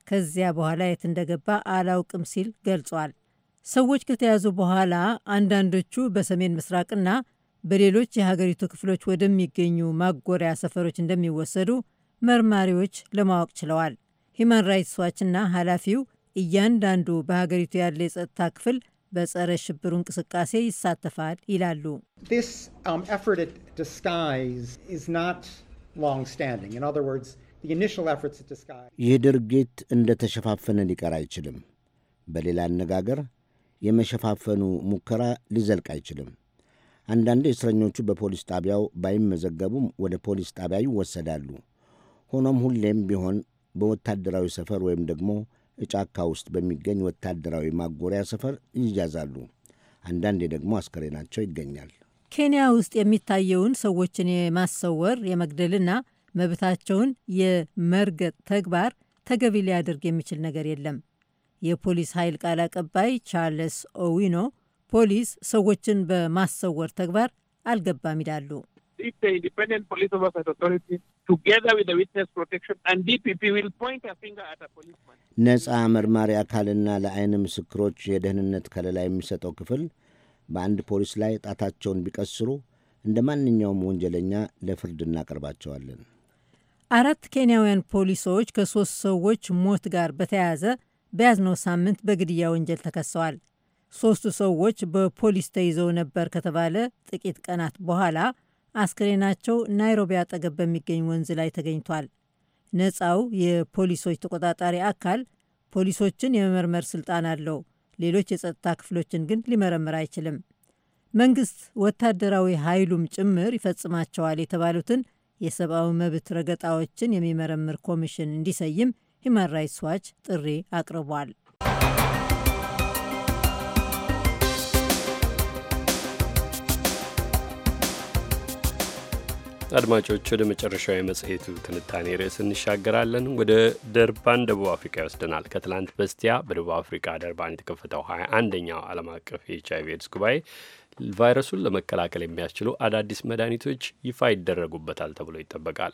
ከዚያ በኋላ የት እንደገባ አላውቅም ሲል ገልጿል። ሰዎች ከተያዙ በኋላ አንዳንዶቹ በሰሜን ምስራቅና በሌሎች የሀገሪቱ ክፍሎች ወደሚገኙ ማጎሪያ ሰፈሮች እንደሚወሰዱ መርማሪዎች ለማወቅ ችለዋል። ሂማን ራይትስ ዋችና ኃላፊው እያንዳንዱ በሀገሪቱ ያለ የጸጥታ ክፍል በጸረ ሽብሩ እንቅስቃሴ ይሳተፋል ይላሉ። this um, effort at disguise is not long standing. In other words, ይህ ድርጊት እንደ ተሸፋፈነ ሊቀር አይችልም። በሌላ አነጋገር የመሸፋፈኑ ሙከራ ሊዘልቅ አይችልም። አንዳንዴ እስረኞቹ በፖሊስ ጣቢያው ባይመዘገቡም ወደ ፖሊስ ጣቢያ ይወሰዳሉ። ሆኖም ሁሌም ቢሆን በወታደራዊ ሰፈር ወይም ደግሞ እጫካ ውስጥ በሚገኝ ወታደራዊ ማጎሪያ ሰፈር ይያዛሉ። አንዳንዴ ደግሞ አስከሬናቸው ይገኛል። ኬንያ ውስጥ የሚታየውን ሰዎችን የማሰወር የመግደልና መብታቸውን የመርገጥ ተግባር ተገቢ ሊያደርግ የሚችል ነገር የለም። የፖሊስ ኃይል ቃል አቀባይ ቻርልስ ኦዊኖ ፖሊስ ሰዎችን በማሰወር ተግባር አልገባም ይላሉ። ነፃ መርማሪ አካልና ለአይን ምስክሮች የደህንነት ከለላ የሚሰጠው ክፍል በአንድ ፖሊስ ላይ ጣታቸውን ቢቀስሩ እንደ ማንኛውም ወንጀለኛ ለፍርድ እናቀርባቸዋለን። አራት ኬንያውያን ፖሊሶች ከሶስት ሰዎች ሞት ጋር በተያያዘ በያዝነው ሳምንት በግድያ ወንጀል ተከሰዋል። ሶስቱ ሰዎች በፖሊስ ተይዘው ነበር ከተባለ ጥቂት ቀናት በኋላ አስክሬናቸው ናይሮቢ አጠገብ በሚገኝ ወንዝ ላይ ተገኝቷል። ነፃው የፖሊሶች ተቆጣጣሪ አካል ፖሊሶችን የመመርመር ስልጣን አለው፣ ሌሎች የጸጥታ ክፍሎችን ግን ሊመረምር አይችልም። መንግስት ወታደራዊ ኃይሉም ጭምር ይፈጽማቸዋል የተባሉትን የሰብአዊ መብት ረገጣዎችን የሚመረምር ኮሚሽን እንዲሰይም ሂማን ራይትስ ዋች ጥሪ አቅርቧል። አድማጮች ወደ መጨረሻው የመጽሔቱ ትንታኔ ርዕስ እንሻገራለን። ወደ ደርባን ደቡብ አፍሪካ ይወስደናል። ከትላንት በስቲያ በደቡብ አፍሪካ ደርባን የተከፈተው ሀያ አንደኛው ዓለም አቀፍ የኤች አይቪ ኤድስ ጉባኤ ቫይረሱን ለመከላከል የሚያስችሉ አዳዲስ መድኃኒቶች ይፋ ይደረጉበታል ተብሎ ይጠበቃል።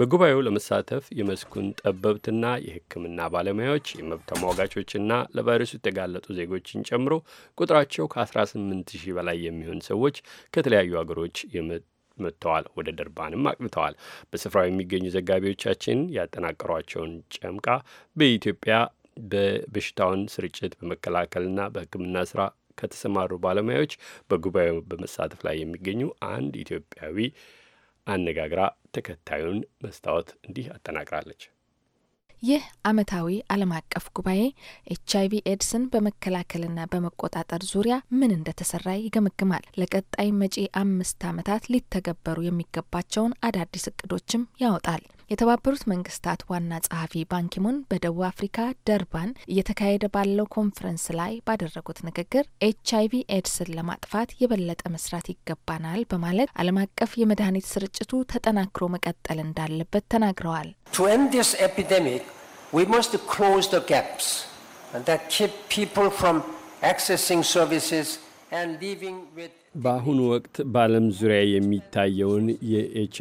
በጉባኤው ለመሳተፍ የመስኩን ጠበብትና የሕክምና ባለሙያዎች የመብት ተሟጋቾችና ለቫይረሱ የተጋለጡ ዜጎችን ጨምሮ ቁጥራቸው ከ18 ሺህ በላይ የሚሆን ሰዎች ከተለያዩ ሀገሮች መጥተዋል። ወደ ደርባንም አቅንተዋል። በስፍራው የሚገኙ ዘጋቢዎቻችን ያጠናቀሯቸውን ጨምቃ በኢትዮጵያ በበሽታውን ስርጭት በመከላከልና በሕክምና ስራ ከተሰማሩ ባለሙያዎች በጉባኤው በመሳተፍ ላይ የሚገኙ አንድ ኢትዮጵያዊ አነጋግራ ተከታዩን መስታወት እንዲህ አጠናቅራለች። ይህ ዓመታዊ ዓለም አቀፍ ጉባኤ ኤች አይቪ ኤድስን በመከላከልና በመቆጣጠር ዙሪያ ምን እንደተሰራ ይገመግማል። ለቀጣይ መጪ አምስት ዓመታት ሊተገበሩ የሚገባቸውን አዳዲስ እቅዶችም ያወጣል። የተባበሩት መንግስታት ዋና ጸሐፊ ባንኪሙን በደቡብ አፍሪካ ደርባን እየተካሄደ ባለው ኮንፈረንስ ላይ ባደረጉት ንግግር ኤች አይቪ ኤድስን ለማጥፋት የበለጠ መስራት ይገባናል በማለት ዓለም አቀፍ የመድኃኒት ስርጭቱ ተጠናክሮ መቀጠል እንዳለበት ተናግረዋል። ፒፕል ፍሮም አክሰሲንግ ሰርቪስስ ኤንድ ሊቪንግ ዊዝ በአሁኑ ወቅት በዓለም ዙሪያ የሚታየውን የኤች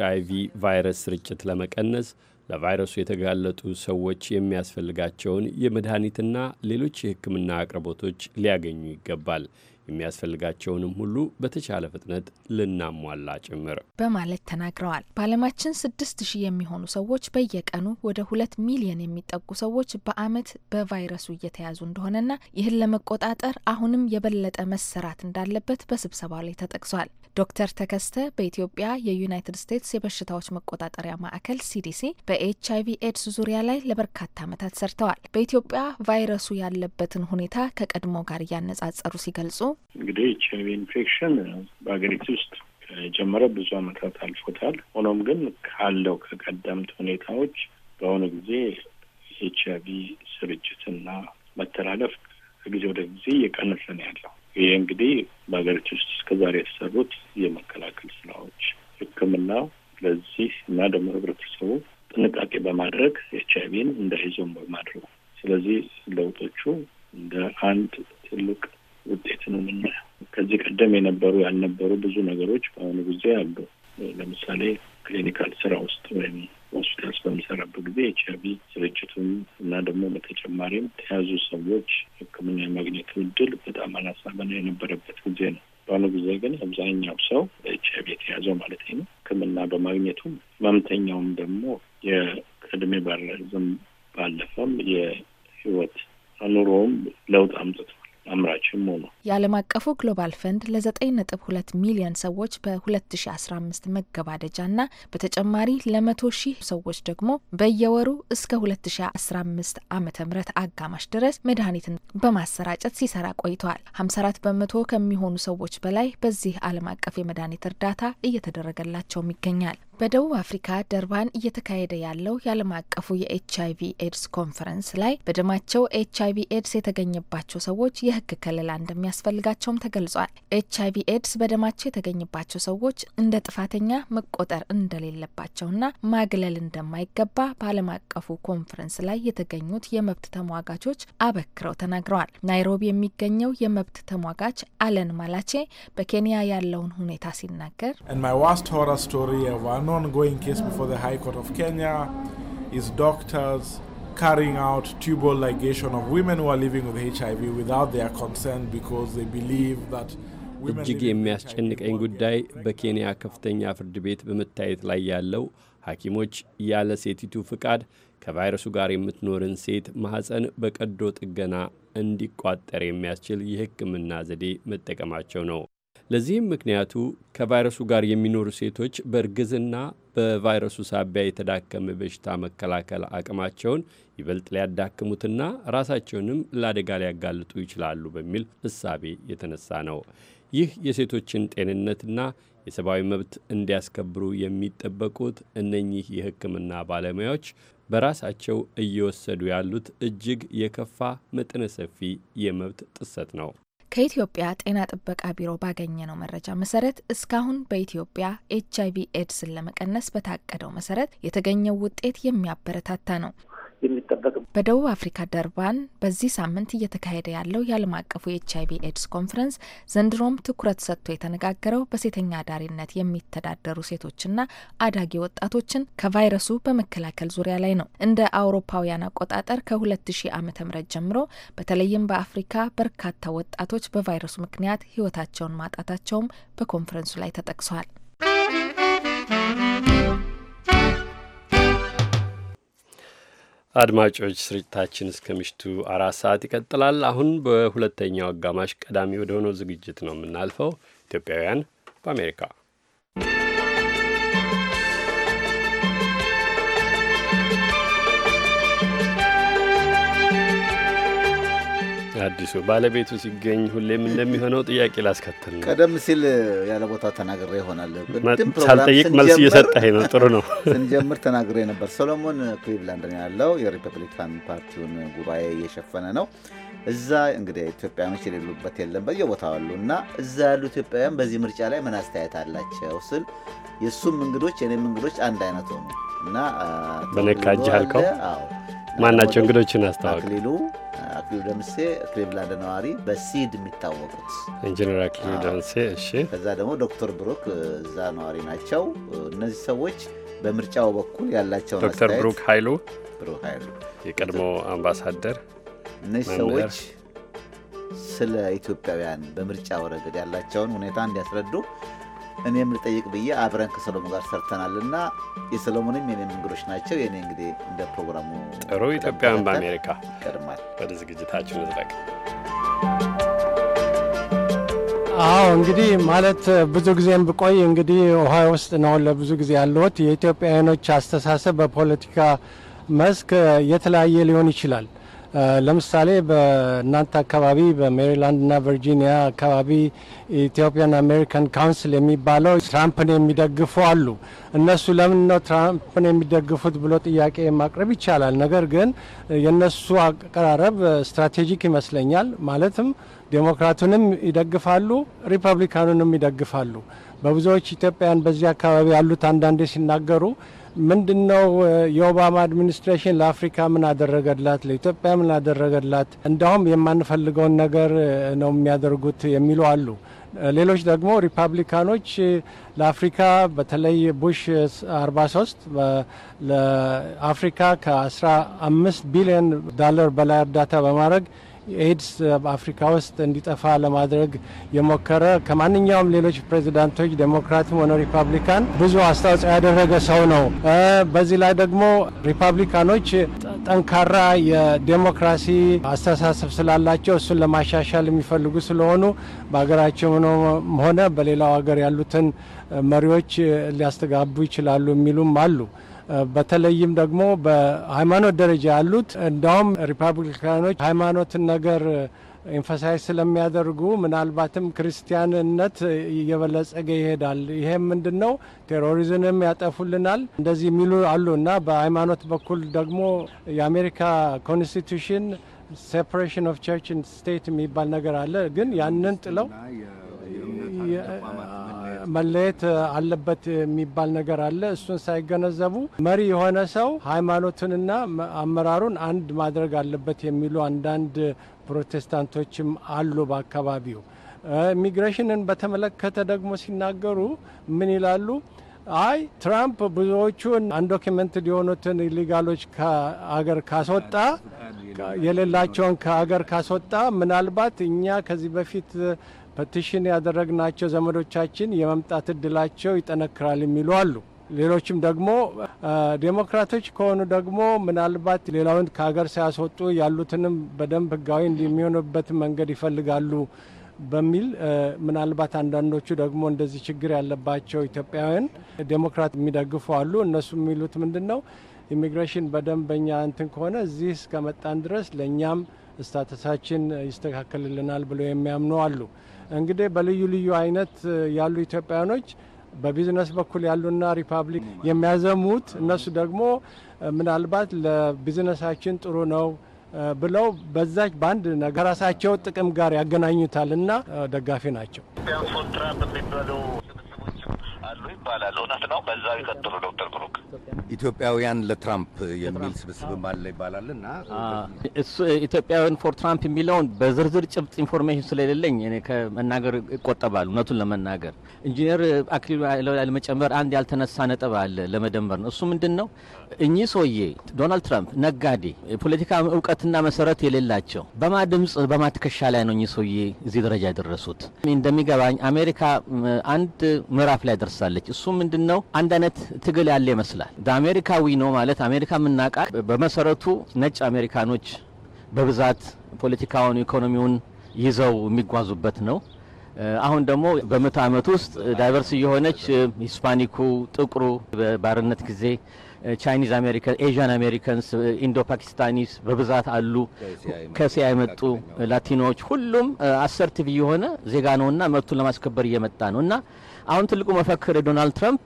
ቫይረስ ስርጭት ለመቀነስ ለቫይረሱ የተጋለጡ ሰዎች የሚያስፈልጋቸውን የመድኃኒትና ሌሎች የሕክምና አቅርቦቶች ሊያገኙ ይገባል። የሚያስፈልጋቸውንም ሁሉ በተቻለ ፍጥነት ልናሟላ ጭምር በማለት ተናግረዋል። በዓለማችን ስድስት ሺህ የሚሆኑ ሰዎች በየቀኑ ወደ ሁለት ሚሊዮን የሚጠጉ ሰዎች በዓመት በቫይረሱ እየተያዙ እንደሆነና ይህን ለመቆጣጠር አሁንም የበለጠ መሰራት እንዳለበት በስብሰባው ላይ ተጠቅሷል። ዶክተር ተከስተ በኢትዮጵያ የዩናይትድ ስቴትስ የበሽታዎች መቆጣጠሪያ ማዕከል ሲዲሲ በኤች አይቪ ኤድስ ዙሪያ ላይ ለበርካታ ዓመታት ሰርተዋል። በኢትዮጵያ ቫይረሱ ያለበትን ሁኔታ ከቀድሞ ጋር እያነጻጸሩ ሲገልጹ እንግዲህ ኤች አይቪ ኢንፌክሽን በሀገሪቱ ውስጥ ከጀመረ ብዙ አመታት አልፎታል። ሆኖም ግን ካለው ከቀደምት ሁኔታዎች በአሁኑ ጊዜ ኤች አይቪ ስርጭትና መተላለፍ ከጊዜ ወደ ጊዜ እየቀነሰ ነው ያለው። ይህ እንግዲህ በሀገሪቱ ውስጥ እስከዛሬ የተሰሩት የመከላከል ስራዎች፣ ህክምና ለዚህ እና ደግሞ ህብረተሰቡ ጥንቃቄ በማድረግ ኤች አይቪን እንዳይዞም በማድረጉ ቀደም የነበሩ ያልነበሩ ብዙ ነገሮች በአሁኑ ጊዜ አሉ። ለምሳሌ ክሊኒካል ስራ ውስጥ ወይም ዓለም አቀፉ ግሎባል ፈንድ ለ9.2 ሚሊዮን ሰዎች በ2015 መገባደጃና በተጨማሪ ለ100 ሺህ ሰዎች ደግሞ በየወሩ እስከ 2015 ዓ ም አጋማሽ ድረስ መድኃኒትን በማሰራጨት ሲሰራ ቆይተዋል። 54 በመቶ ከሚሆኑ ሰዎች በላይ በዚህ ዓለም አቀፍ የመድኃኒት እርዳታ እየተደረገላቸውም ይገኛል። በደቡብ አፍሪካ ደርባን እየተካሄደ ያለው የዓለም አቀፉ የኤች አይቪ ኤድስ ኮንፈረንስ ላይ በደማቸው ኤች አይቪ ኤድስ የተገኘባቸው ሰዎች የሕግ ከለላ እንደሚያስፈልጋቸውም ተገልጿል። ኤች አይ ቪ ኤድስ በደማቸው የተገኘባቸው ሰዎች እንደ ጥፋተኛ መቆጠር እንደሌለባቸውና ማግለል እንደማይገባ በዓለም አቀፉ ኮንፈረንስ ላይ የተገኙት የመብት ተሟጋቾች አበክረው ተናግረዋል። ናይሮቢ የሚገኘው የመብት ተሟጋች አለን ማላቼ በኬንያ ያለውን ሁኔታ ሲናገር an ongoing case before the High Court of Kenya is doctors carrying out tubal ligation of women who are living with HIV without their consent because they believe that እጅግ የሚያስጨንቀኝ ጉዳይ በኬንያ ከፍተኛ ፍርድ ቤት በመታየት ላይ ያለው ሐኪሞች ያለ ሴቲቱ ፍቃድ ከቫይረሱ ጋር የምትኖርን ሴት ማኅፀን በቀዶ ጥገና እንዲቋጠር የሚያስችል የሕክምና ዘዴ መጠቀማቸው ነው። ለዚህም ምክንያቱ ከቫይረሱ ጋር የሚኖሩ ሴቶች በእርግዝና በቫይረሱ ሳቢያ የተዳከመ በሽታ መከላከል አቅማቸውን ይበልጥ ሊያዳክሙትና ራሳቸውንም ለአደጋ ሊያጋልጡ ይችላሉ በሚል እሳቤ የተነሳ ነው። ይህ የሴቶችን ጤንነትና የሰብአዊ መብት እንዲያስከብሩ የሚጠበቁት እነኚህ የሕክምና ባለሙያዎች በራሳቸው እየወሰዱ ያሉት እጅግ የከፋ መጠነ ሰፊ የመብት ጥሰት ነው። ከኢትዮጵያ ጤና ጥበቃ ቢሮ ባገኘነው መረጃ መሰረት እስካሁን በኢትዮጵያ ኤች አይቪ ኤድስን ለመቀነስ በታቀደው መሰረት የተገኘው ውጤት የሚያበረታታ ነው። የሚጠበቅ በደቡብ አፍሪካ ደርባን በዚህ ሳምንት እየተካሄደ ያለው የዓለም አቀፉ የኤች አይቪ ኤድስ ኮንፈረንስ ዘንድሮም ትኩረት ሰጥቶ የተነጋገረው በሴተኛ አዳሪነት የሚተዳደሩ ሴቶችና አዳጊ ወጣቶችን ከቫይረሱ በመከላከል ዙሪያ ላይ ነው። እንደ አውሮፓውያን አቆጣጠር ከ2000 ዓ.ም ጀምሮ በተለይም በአፍሪካ በርካታ ወጣቶች በቫይረሱ ምክንያት ህይወታቸውን ማጣታቸውም በኮንፈረንሱ ላይ ተጠቅሷል። አድማጮች ስርጭታችን እስከ ምሽቱ አራት ሰዓት ይቀጥላል። አሁን በሁለተኛው አጋማሽ ቀዳሚ ወደሆነው ዝግጅት ነው የምናልፈው። ኢትዮጵያውያን በአሜሪካ አዲሱ ባለቤቱ ሲገኝ ሁሌም እንደሚሆነው ጥያቄ ላስከትል ነው። ቀደም ሲል ያለ ቦታ ተናግሬ ይሆናል ሳልጠይቅ መልስ እየሰጠ ነው። ጥሩ ነው። ስንጀምር ተናግሬ ነበር። ሶሎሞን ክሊቭላንድ ነው ያለው። የሪፐብሊካን ፓርቲውን ጉባኤ እየሸፈነ ነው። እዛ እንግዲህ ኢትዮጵያኖች የሌሉበት የለም፣ በየቦታው አሉ እና እዛ ያሉ ኢትዮጵያውያን በዚህ ምርጫ ላይ ምን አስተያየት አላቸው ስል የእሱም እንግዶች የኔም እንግዶች አንድ አይነት ሆኑ እና በነካ እጅ አልከው ማናቸው እንግዶችን አስተዋወቅ አክሊሉ ደምሴ ክሊቭላንድ ነዋሪ በሲድ የሚታወቁት ኢንጂነር አክሊሉ ደምሴ። እሺ፣ ከዛ ደግሞ ዶክተር ብሩክ እዛ ነዋሪ ናቸው። እነዚህ ሰዎች በምርጫው በኩል ያላቸው ዶክተር ብሩክ ኃይሉ ብሩክ ኃይሉ የቀድሞ አምባሳደር። እነዚህ ሰዎች ስለ ኢትዮጵያውያን በምርጫ ረገድ ያላቸውን ሁኔታ እንዲያስረዱ እኔም ልጠይቅ ብዬ አብረን ከሰሎሞን ጋር ሰርተናል እና የሰሎሞንም የኔም እንግዶች ናቸው። የኔ እንግዲህ እንደ ፕሮግራሙ ጥሩ ኢትዮጵያን በአሜሪካ ይቀድማል። ወደ ዝግጅታችሁ ንዝለቅ። አዎ እንግዲህ ማለት ብዙ ጊዜም ብቆይ እንግዲህ ኦሃዮ ውስጥ ነው ለብዙ ጊዜ ያለሁት። የኢትዮጵያውያኖች አስተሳሰብ በፖለቲካ መስክ የተለያየ ሊሆን ይችላል። ለምሳሌ በእናንተ አካባቢ በሜሪላንድ ና ቨርጂኒያ አካባቢ ኢትዮጵያን አሜሪካን ካውንስል የሚባለው ትራምፕን የሚደግፉ አሉ። እነሱ ለምን ነው ትራምፕን የሚደግፉት ብሎ ጥያቄ ማቅረብ ይቻላል። ነገር ግን የእነሱ አቀራረብ ስትራቴጂክ ይመስለኛል። ማለትም ዴሞክራቱንም ይደግፋሉ፣ ሪፐብሊካኑንም ይደግፋሉ። በብዙዎች ኢትዮጵያውያን በዚህ አካባቢ ያሉት አንዳንዴ ሲናገሩ ምንድን ነው የኦባማ አድሚኒስትሬሽን ለአፍሪካ ምን አደረገላት? ለኢትዮጵያ ምን አደረገላት? እንዳውም የማንፈልገውን ነገር ነው የሚያደርጉት የሚሉ አሉ። ሌሎች ደግሞ ሪፐብሊካኖች ለአፍሪካ በተለይ ቡሽ 43 ለአፍሪካ ከ15 ቢሊዮን ዳለር በላይ እርዳታ በማድረግ ኤድስ አፍሪካ ውስጥ እንዲጠፋ ለማድረግ የሞከረ ከማንኛውም ሌሎች ፕሬዚዳንቶች ዴሞክራትም ሆነ ሪፐብሊካን ብዙ አስተዋጽኦ ያደረገ ሰው ነው። በዚህ ላይ ደግሞ ሪፐብሊካኖች ጠንካራ የዴሞክራሲ አስተሳሰብ ስላላቸው እሱን ለማሻሻል የሚፈልጉ ስለሆኑ በሀገራቸውም ሆነ በሌላው ሀገር ያሉትን መሪዎች ሊያስተጋቡ ይችላሉ የሚሉም አሉ። በተለይም ደግሞ በሃይማኖት ደረጃ ያሉት እንዲያውም ሪፐብሊካኖች ሃይማኖትን ነገር ኤንፈሳይዝ ስለሚያደርጉ ምናልባትም ክርስቲያንነት እየበለጸገ ይሄዳል። ይሄም ምንድን ነው ቴሮሪዝምም ያጠፉልናል እንደዚህ የሚሉ አሉ እና በሃይማኖት በኩል ደግሞ የአሜሪካ ኮንስቲቱሽን ሴፐሬሽን ኦፍ ቸርች ስቴት የሚባል ነገር አለ። ግን ያንን ጥለው መለየት አለበት የሚባል ነገር አለ። እሱን ሳይገነዘቡ መሪ የሆነ ሰው ሃይማኖትንና አመራሩን አንድ ማድረግ አለበት የሚሉ አንዳንድ ፕሮቴስታንቶችም አሉ በአካባቢው። ኢሚግሬሽንን በተመለከተ ደግሞ ሲናገሩ ምን ይላሉ? አይ ትራምፕ ብዙዎቹን አንዶኪመንትድ የሆኑትን ኢሊጋሎች ከአገር ካስወጣ የሌላቸውን ከአገር ካስወጣ ምናልባት እኛ ከዚህ በፊት ፐቲሽን ያደረግናቸው ዘመዶቻችን የመምጣት እድላቸው ይጠነክራል የሚሉ አሉ። ሌሎችም ደግሞ ዴሞክራቶች ከሆኑ ደግሞ ምናልባት ሌላውን ከሀገር ሳያስወጡ ያሉትንም በደንብ ህጋዊ የሚሆኑበትን መንገድ ይፈልጋሉ በሚል ምናልባት አንዳንዶቹ ደግሞ እንደዚህ ችግር ያለባቸው ኢትዮጵያውያን ዴሞክራት የሚደግፉ አሉ። እነሱ የሚሉት ምንድን ነው? ኢሚግሬሽን በደንብ በእኛ እንትን ከሆነ እዚህ እስከመጣን ድረስ ለእኛም ስታተሳችን ይስተካከልልናል ብለው የሚያምኑ አሉ። እንግዲህ በልዩ ልዩ አይነት ያሉ ኢትዮጵያኖች በቢዝነስ በኩል ያሉና ሪፐብሊክ የሚያዘሙት እነሱ ደግሞ ምናልባት ለቢዝነሳችን ጥሩ ነው ብለው በዛች በአንድ ነገር ራሳቸው ጥቅም ጋር ያገናኙታል እና ደጋፊ ናቸው። ይባላል። እውነት ነው። በዛው ይቀጥሉ ዶክተር ብሩክ። ኢትዮጵያውያን ለትራምፕ የሚል ስብስብም አለ ይባላል እና እሱ ኢትዮጵያውያን ፎር ትራምፕ የሚለውን በዝርዝር ጭብጥ ኢንፎርሜሽን ስለሌለኝ እኔ ከመናገር ይቆጠባል። እውነቱን ለመናገር ኢንጂነር አክሊሉ ለመጨመር አንድ ያልተነሳ ነጥብ አለ ለመደመር ነው። እሱ ምንድን ነው እኚህ ሰውዬ ዶናልድ ትራምፕ ነጋዴ፣ የፖለቲካ እውቀትና መሰረት የሌላቸው በማ ድምፅ በማትከሻ ላይ ነው እኚህ ሰውዬ እዚህ ደረጃ የደረሱት። እንደሚገባኝ አሜሪካ አንድ ምዕራፍ ላይ ደርሳለች። እሱ ምንድን ነው? አንድ አይነት ትግል ያለ ይመስላል። አሜሪካዊ ነው ማለት አሜሪካ የምናውቃት በመሰረቱ ነጭ አሜሪካኖች በብዛት ፖለቲካውን፣ ኢኮኖሚውን ይዘው የሚጓዙበት ነው። አሁን ደግሞ በምዕተ ዓመት ውስጥ ዳይቨርስ እየሆነች ሂስፓኒኩ፣ ጥቁሩ በባርነት ጊዜ ቻይኒዝ አሜሪካን፣ ኤዥያን አሜሪካንስ፣ ኢንዶ ፓኪስታኒስ በብዛት አሉ። ከእስያ የመጡ ላቲኖዎች፣ ሁሉም አሰርቲቭ የሆነ ዜጋ ነውና መብቱን ለማስከበር እየመጣ ነው እና አሁን ትልቁ መፈክር ዶናልድ ትራምፕ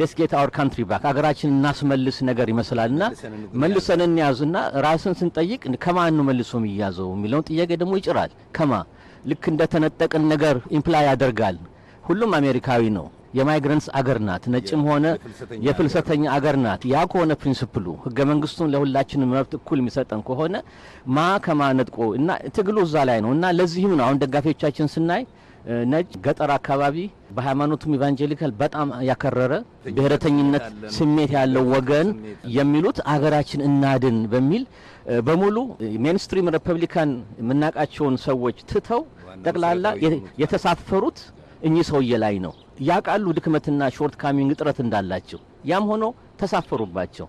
ሌስ ጌት አወር ካንትሪ ባክ ሀገራችን እናስመልስ ነገር ና መልሰን ና ራስን ስንጠይቅ ከማን ነው መልሶ የሚያዘው የሚለውን ጥያቄ ደግሞ ይጭራል። ከማ ልክ እንደተነጠቅን ነገር ኢምፕላይ ያደርጋል። ሁሉም አሜሪካዊ ነው። የማይግረንስ አገር ናት፣ ነጭም ሆነ የፍልሰተኛ አገር ናት። ያ ከሆነ ፕሪንስፕሉ ህገ መንግስቱን ለሁላችንም መብት እኩል የሚሰጠን ከሆነ ማ ከማ ነጥቆ እና ትግሉ እዛ ላይ ነው እና ለዚህም ነው አሁን ደጋፊዎቻችን ስናይ ነጭ ገጠር አካባቢ በሃይማኖቱም ኢቫንጀሊካል በጣም ያከረረ ብሔረተኝነት ስሜት ያለው ወገን የሚሉት አገራችን እናድን በሚል በሙሉ ሜንስትሪም ሪፐብሊካን የምናውቃቸውን ሰዎች ትተው ጠቅላላ የተሳፈሩት እኚህ ሰውዬ ላይ ነው። ያቃሉ ድክመትና ሾርት ካሚንግ እጥረት እንዳላቸው። ያም ሆኖ ተሳፈሩባቸው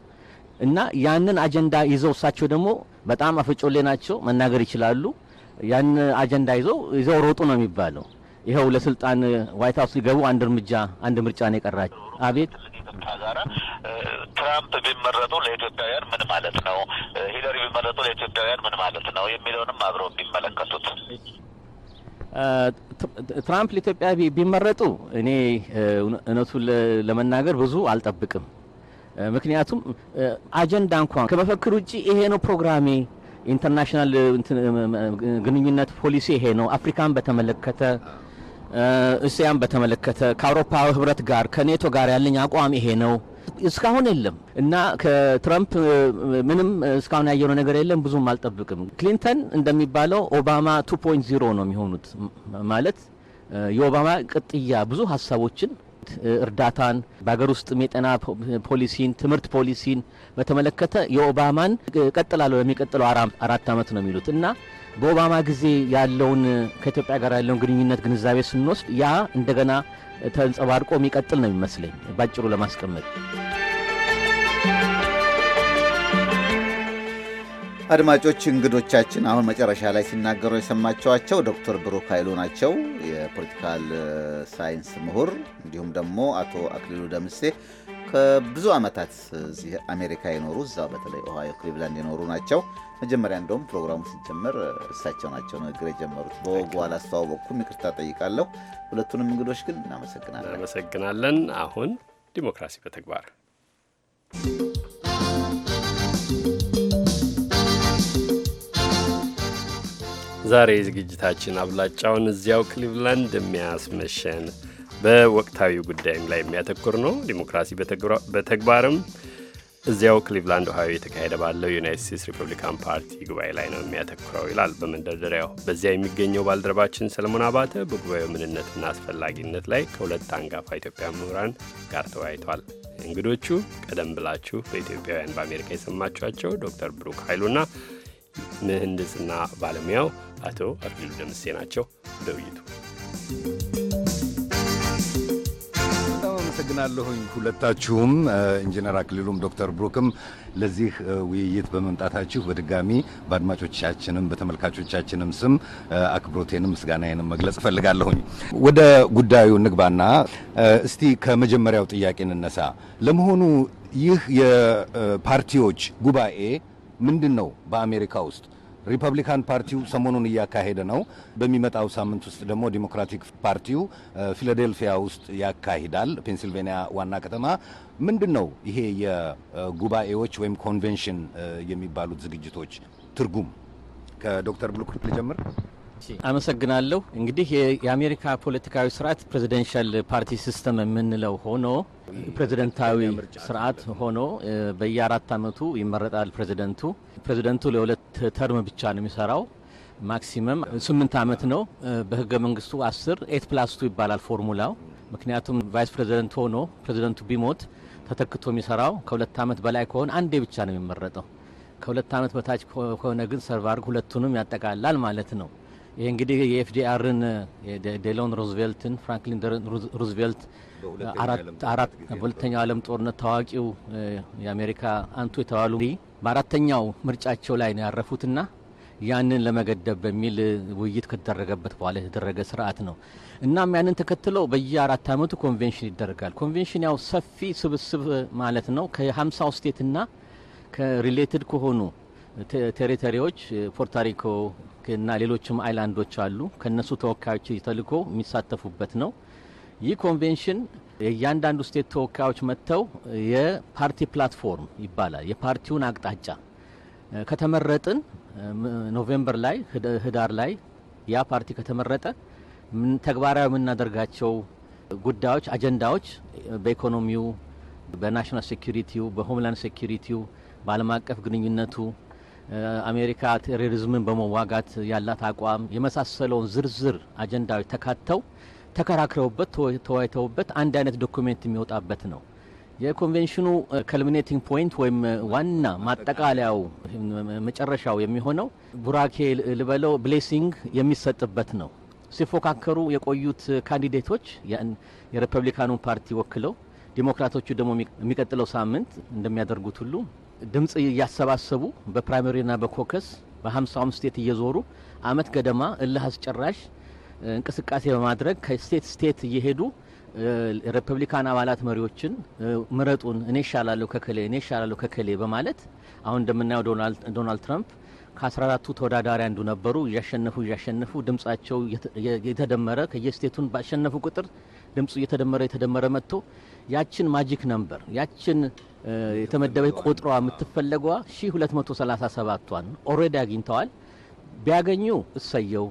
እና ያንን አጀንዳ ይዘው እሳቸው ደግሞ በጣም አፈጮሌ ናቸው፣ መናገር ይችላሉ። ያን አጀንዳ ይዘው ይዘው ሮጡ ነው የሚባለው። ይኸው ለስልጣን ዋይት ሀውስ ሊገቡ አንድ እርምጃ አንድ ምርጫ ነው የቀራቸው። አቤት ጋራ ትራምፕ ቢመረጡ ለኢትዮጵያውያን ምን ማለት ነው፣ ሂለሪ ቢመረጡ ለኢትዮጵያውያን ምን ማለት ነው የሚለውንም አብረው የሚመለከቱት ትራምፕ ለኢትዮጵያ ቢመረጡ እኔ እውነቱን ለመናገር ብዙ አልጠብቅም። ምክንያቱም አጀንዳ እንኳን ከመፈክር ውጭ ይሄ ነው ፕሮግራሜ፣ ኢንተርናሽናል ግንኙነት ፖሊሲ ይሄ ነው፣ አፍሪካን በተመለከተ እስያን በተመለከተ ከአውሮፓ ህብረት ጋር ከኔቶ ጋር ያለኝ አቋም ይሄ ነው እስካሁን የለም እና ከትራምፕ ምንም እስካሁን ያየነው ነገር የለም። ብዙም አልጠብቅም። ክሊንተን እንደሚባለው ኦባማ 2.0 ነው የሚሆኑት ማለት የኦባማ ቅጥያ ብዙ ሀሳቦችን እርዳታን፣ በሀገር ውስጥም የጤና ፖሊሲን፣ ትምህርት ፖሊሲን በተመለከተ የኦባማን ቀጥላለሁ የሚቀጥለው አራት ዓመት ነው የሚሉት እና በኦባማ ጊዜ ያለውን ከኢትዮጵያ ጋር ያለውን ግንኙነት ግንዛቤ ስንወስድ ያ እንደገና ተንጸባርቆ የሚቀጥል ነው የሚመስለኝ ባጭሩ ለማስቀመጥ። አድማጮች እንግዶቻችን አሁን መጨረሻ ላይ ሲናገሩ የሰማቸዋቸው ዶክተር ብሩክ ኃይሉ ናቸው፣ የፖለቲካል ሳይንስ ምሁር እንዲሁም ደግሞ አቶ አክሊሉ ደምሴ በብዙ ዓመታት እዚህ አሜሪካ የኖሩ እዛው በተለይ ኦሃዮ ክሊቭላንድ የኖሩ ናቸው። መጀመሪያ እንደውም ፕሮግራሙ ሲጀመር እሳቸው ናቸው ንግግር የጀመሩት። በወጉ አላስተዋወቅኩም፣ ይቅርታ ጠይቃለሁ። ሁለቱንም እንግዶች ግን እናመሰግናለን። እናመሰግናለን። አሁን ዲሞክራሲ በተግባር ዛሬ ዝግጅታችን አብላጫውን እዚያው ክሊቭላንድ የሚያስመሸን በወቅታዊ ጉዳይም ላይ የሚያተኩር ነው። ዲሞክራሲ በተግባርም እዚያው ክሊቭላንድ ኦሃዮ የተካሄደ ባለው የዩናይት ስቴትስ ሪፐብሊካን ፓርቲ ጉባኤ ላይ ነው የሚያተኩረው ይላል በመንደርደሪያው። በዚያ የሚገኘው ባልደረባችን ሰለሞን አባተ በጉባኤው ምንነትና አስፈላጊነት ላይ ከሁለት አንጋፋ ኢትዮጵያ ምሁራን ጋር ተወያይቷል። እንግዶቹ ቀደም ብላችሁ በኢትዮጵያውያን በአሜሪካ የሰማችኋቸው ዶክተር ብሩክ ኃይሉና ምህንድስና ባለሙያው አቶ አክሊሉ ደምሴ ናቸው። በውይይቱ አመሰግናለሁኝ ሁለታችሁም ኢንጂነር አክሊሉም ዶክተር ብሩክም ለዚህ ውይይት በመምጣታችሁ በድጋሚ በአድማጮቻችንም በተመልካቾቻችንም ስም አክብሮቴንም ምስጋናዬንም መግለጽ እፈልጋለሁኝ። ወደ ጉዳዩ ንግባና እስቲ ከመጀመሪያው ጥያቄ እንነሳ። ለመሆኑ ይህ የፓርቲዎች ጉባኤ ምንድን ነው በአሜሪካ ውስጥ ሪፐብሊካን ፓርቲው ሰሞኑን እያካሄደ ነው። በሚመጣው ሳምንት ውስጥ ደግሞ ዲሞክራቲክ ፓርቲው ፊላዴልፊያ ውስጥ ያካሂዳል፣ ፔንሲልቬኒያ ዋና ከተማ። ምንድን ነው ይሄ የጉባኤዎች ወይም ኮንቬንሽን የሚባሉት ዝግጅቶች ትርጉም? ከዶክተር ብሉክርት ልጀምር። አመሰግናለሁ። እንግዲህ የአሜሪካ ፖለቲካዊ ስርዓት ፕሬዚደንሻል ፓርቲ ሲስተም የምንለው ሆኖ ፕሬዚደንታዊ ስርዓት ሆኖ በየአራት አመቱ ይመረጣል። ፕሬዚደንቱ ፕሬዚደንቱ ለሁለት ተርም ብቻ ነው የሚሰራው። ማክሲመም ስምንት አመት ነው። በህገ መንግስቱ አስር ኤት ፕላስ ቱ ይባላል ፎርሙላው። ምክንያቱም ቫይስ ፕሬዚደንት ሆኖ ፕሬዚደንቱ ቢሞት ተተክቶ የሚሰራው ከሁለት አመት በላይ ከሆነ አንዴ ብቻ ነው የሚመረጠው። ከሁለት አመት በታች ከሆነ ግን ሰርቫርግ ሁለቱንም ያጠቃላል ማለት ነው። ይህ እንግዲህ የኤፍዲአርን ዴሎን ሩዝቬልትን ፍራንክሊን ሩዝቬልት በሁለተኛው ዓለም ጦርነት ታዋቂው የአሜሪካ አንቱ የተባሉ በአራተኛው ምርጫቸው ላይ ነው ያረፉትና ያንን ለመገደብ በሚል ውይይት ከተደረገበት በኋላ የተደረገ ስርዓት ነው። እናም ያንን ተከትለው በየአራት ዓመቱ ኮንቬንሽን ይደረጋል። ኮንቬንሽን ያው ሰፊ ስብስብ ማለት ነው ከሀምሳው ስቴትና ከሪሌትድ ከሆኑ ቴሪቶሪዎች ፖርቶሪኮ እና ሌሎችም አይላንዶች አሉ። ከነሱ ተወካዮች ተልኮ የሚሳተፉበት ነው። ይህ ኮንቬንሽን የእያንዳንዱ ስቴት ተወካዮች መጥተው የፓርቲ ፕላትፎርም ይባላል። የፓርቲውን አቅጣጫ ከተመረጥን ኖቬምበር ላይ ህዳር ላይ ያ ፓርቲ ከተመረጠ ተግባራዊ የምናደርጋቸው ጉዳዮች፣ አጀንዳዎች በኢኮኖሚው፣ በናሽናል ሴኪሪቲው በሆምላንድ ሴኩሪቲው፣ በዓለም አቀፍ ግንኙነቱ አሜሪካ ቴሮሪዝምን በመዋጋት ያላት አቋም የመሳሰለውን ዝርዝር አጀንዳዎች ተካተው ተከራክረውበት ተወያይተውበት አንድ አይነት ዶኩሜንት የሚወጣበት ነው። የኮንቬንሽኑ ከልሚኔቲንግ ፖይንት ወይም ዋና ማጠቃለያው መጨረሻው የሚሆነው ቡራኬ ልበለው ብሌሲንግ የሚሰጥበት ነው። ሲፎካከሩ የቆዩት ካንዲዴቶች የሪፐብሊካኑን ፓርቲ ወክለው ዲሞክራቶቹ ደግሞ የሚቀጥለው ሳምንት እንደሚያደርጉት ሁሉ ድምፅ እያሰባሰቡ በፕራይመሪና በኮከስ በ55 ስቴት እየዞሩ አመት ገደማ እልህ አስጨራሽ እንቅስቃሴ በማድረግ ከስቴት ስቴት እየሄዱ ሪፐብሊካን አባላት መሪዎችን ምረጡን፣ እኔ ይሻላለሁ ከከሌ እኔ ይሻላለሁ ከከሌ በማለት አሁን እንደምናየው ዶናልድ ትራምፕ ከ14ቱ ተወዳዳሪ አንዱ ነበሩ። እያሸነፉ እያሸነፉ ድምጻቸው የተደመረ ከየስቴቱን ባሸነፉ ቁጥር ድምፁ እየተደመረ የተደመረ መጥቶ ያችን ማጂክ ነምበር ያችን የተመደበ ቁጥሯ የምትፈለጓ 1237ቷን ኦልሬዲ አግኝተዋል። ቢያገኙ እሰየው፣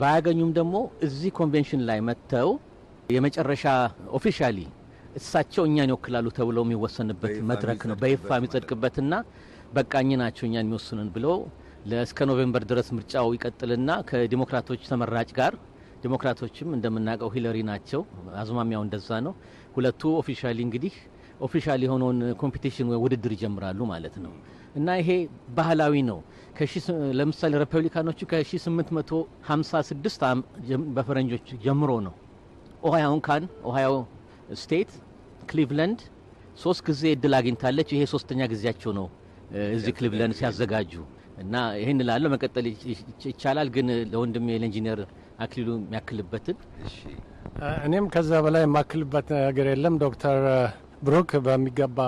ባያገኙም ደግሞ እዚህ ኮንቬንሽን ላይ መጥተው የመጨረሻ ኦፊሻሊ እሳቸው እኛን ይወክላሉ ተብለው የሚወሰንበት መድረክ ነው። በይፋ የሚጸድቅበትና በቃኝ ናቸው እኛን የሚወስኑን ብለው እስከ ኖቬምበር ድረስ ምርጫው ይቀጥልና ከዲሞክራቶች ተመራጭ ጋር ዴሞክራቶችም እንደምናውቀው ሂለሪ ናቸው። አዝማሚያው እንደዛ ነው። ሁለቱ ኦፊሻሊ እንግዲህ ኦፊሻል የሆነውን ኮምፒቲሽን ወይ ውድድር ይጀምራሉ ማለት ነው እና ይሄ ባህላዊ ነው። ለምሳሌ ሪፐብሊካኖቹ ከ1856 በፈረንጆች ጀምሮ ነው ኦሃዮን ካን ኦሃዮ ስቴት ክሊቭላንድ ሶስት ጊዜ እድል አግኝታለች። ይሄ ሶስተኛ ጊዜያቸው ነው እዚህ ክሊቭላንድ ሲያዘጋጁ እና ይህን ላለው መቀጠል ይቻላል። ግን ለወንድም ለኢንጂነር አክሊሉ የሚያክልበትን። እኔም ከዛ በላይ የማክልበት ነገር የለም። ዶክተር ብሩክ በሚገባ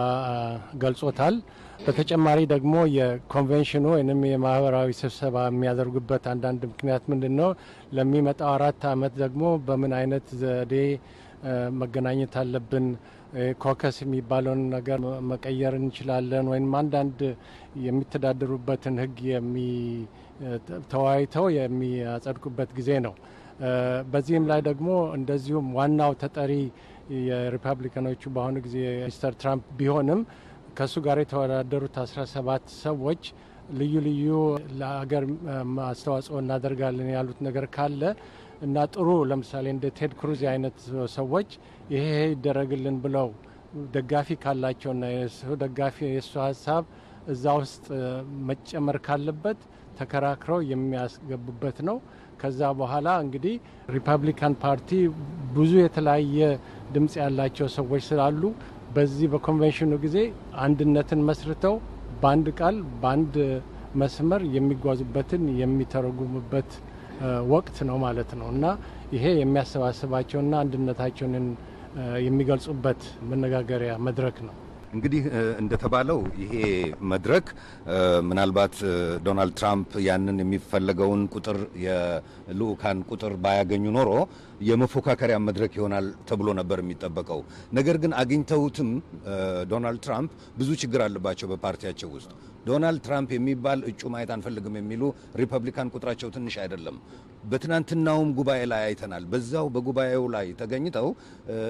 ገልጾታል። በተጨማሪ ደግሞ የኮንቬንሽኑ ወይም የማህበራዊ ስብሰባ የሚያደርጉበት አንዳንድ ምክንያት ምንድን ነው? ለሚመጣው አራት አመት ደግሞ በምን አይነት ዘዴ መገናኘት አለብን? ኮከስ የሚባለውን ነገር መቀየር እንችላለን ወይም አንዳንድ የሚተዳደሩበትን ህግ የሚ ተወያይተው የሚያጸድቁበት ጊዜ ነው። በዚህም ላይ ደግሞ እንደዚሁም ዋናው ተጠሪ የሪፐብሊካኖቹ በአሁኑ ጊዜ ሚስተር ትራምፕ ቢሆንም ከእሱ ጋር የተወዳደሩት 17 ሰዎች ልዩ ልዩ ለሀገር አስተዋጽኦ እናደርጋለን ያሉት ነገር ካለ እና ጥሩ ለምሳሌ እንደ ቴድ ክሩዝ አይነት ሰዎች ይሄ ይደረግልን ብለው ደጋፊ ካላቸውና የሱ ደጋፊ የእሱ ሀሳብ እዛ ውስጥ መጨመር ካለበት ተከራክረው የሚያስገቡበት ነው። ከዛ በኋላ እንግዲህ ሪፐብሊካን ፓርቲ ብዙ የተለያየ ድምፅ ያላቸው ሰዎች ስላሉ በዚህ በኮንቬንሽኑ ጊዜ አንድነትን መስርተው በአንድ ቃል በአንድ መስመር የሚጓዙበትን የሚተረጉሙበት ወቅት ነው ማለት ነው እና ይሄ የሚያሰባስባቸውና አንድነታቸውን የሚገልጹበት መነጋገሪያ መድረክ ነው። እንግዲህ እንደተባለው ይሄ መድረክ ምናልባት ዶናልድ ትራምፕ ያንን የሚፈለገውን ቁጥር የልኡካን ቁጥር ባያገኙ ኖሮ የመፎካከሪያ መድረክ ይሆናል ተብሎ ነበር የሚጠበቀው። ነገር ግን አግኝተውትም ዶናልድ ትራምፕ ብዙ ችግር አለባቸው በፓርቲያቸው ውስጥ። ዶናልድ ትራምፕ የሚባል እጩ ማየት አንፈልግም የሚሉ ሪፐብሊካን ቁጥራቸው ትንሽ አይደለም። በትናንትናውም ጉባኤ ላይ አይተናል። በዛው በጉባኤው ላይ ተገኝተው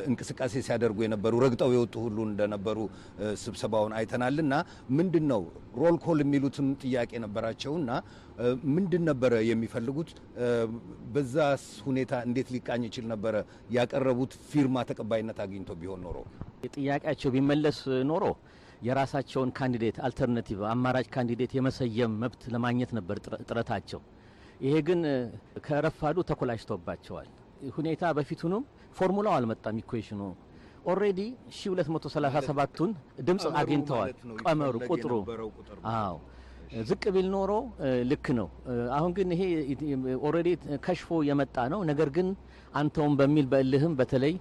እንቅስቃሴ ሲያደርጉ የነበሩ ረግጠው የወጡ ሁሉ እንደነበሩ ስብሰባውን አይተናልና ምንድን ነው ሮል ኮል የሚሉትም ጥያቄ ነበራቸው እና ምንድን ነበረ የሚፈልጉት? በዛስ ሁኔታ እንዴት ሊቃኝ ይችል ነበረ? ያቀረቡት ፊርማ ተቀባይነት አግኝቶ ቢሆን ኖሮ ጥያቄያቸው ቢመለስ ኖሮ የራሳቸውን ካንዲዴት አልተርናቲቭ አማራጭ ካንዲዴት የመሰየም መብት ለማግኘት ነበር ጥረታቸው። ይሄ ግን ከረፋዱ ተኮላሽቶባቸዋል። ሁኔታ በፊቱንም ፎርሙላው አልመጣም። ኢኩዌሽኑ ኦልሬዲ 1237ቱን ድምፅ አግኝተዋል። ቀመሩ ቁጥሩ አዎ ዝቅ ቢል ኖሮ ልክ ነው። አሁን ግን ይሄ ኦልሬዲ ከሽፎ የመጣ ነው። ነገር ግን አንተውም በሚል በእልህም በተለይ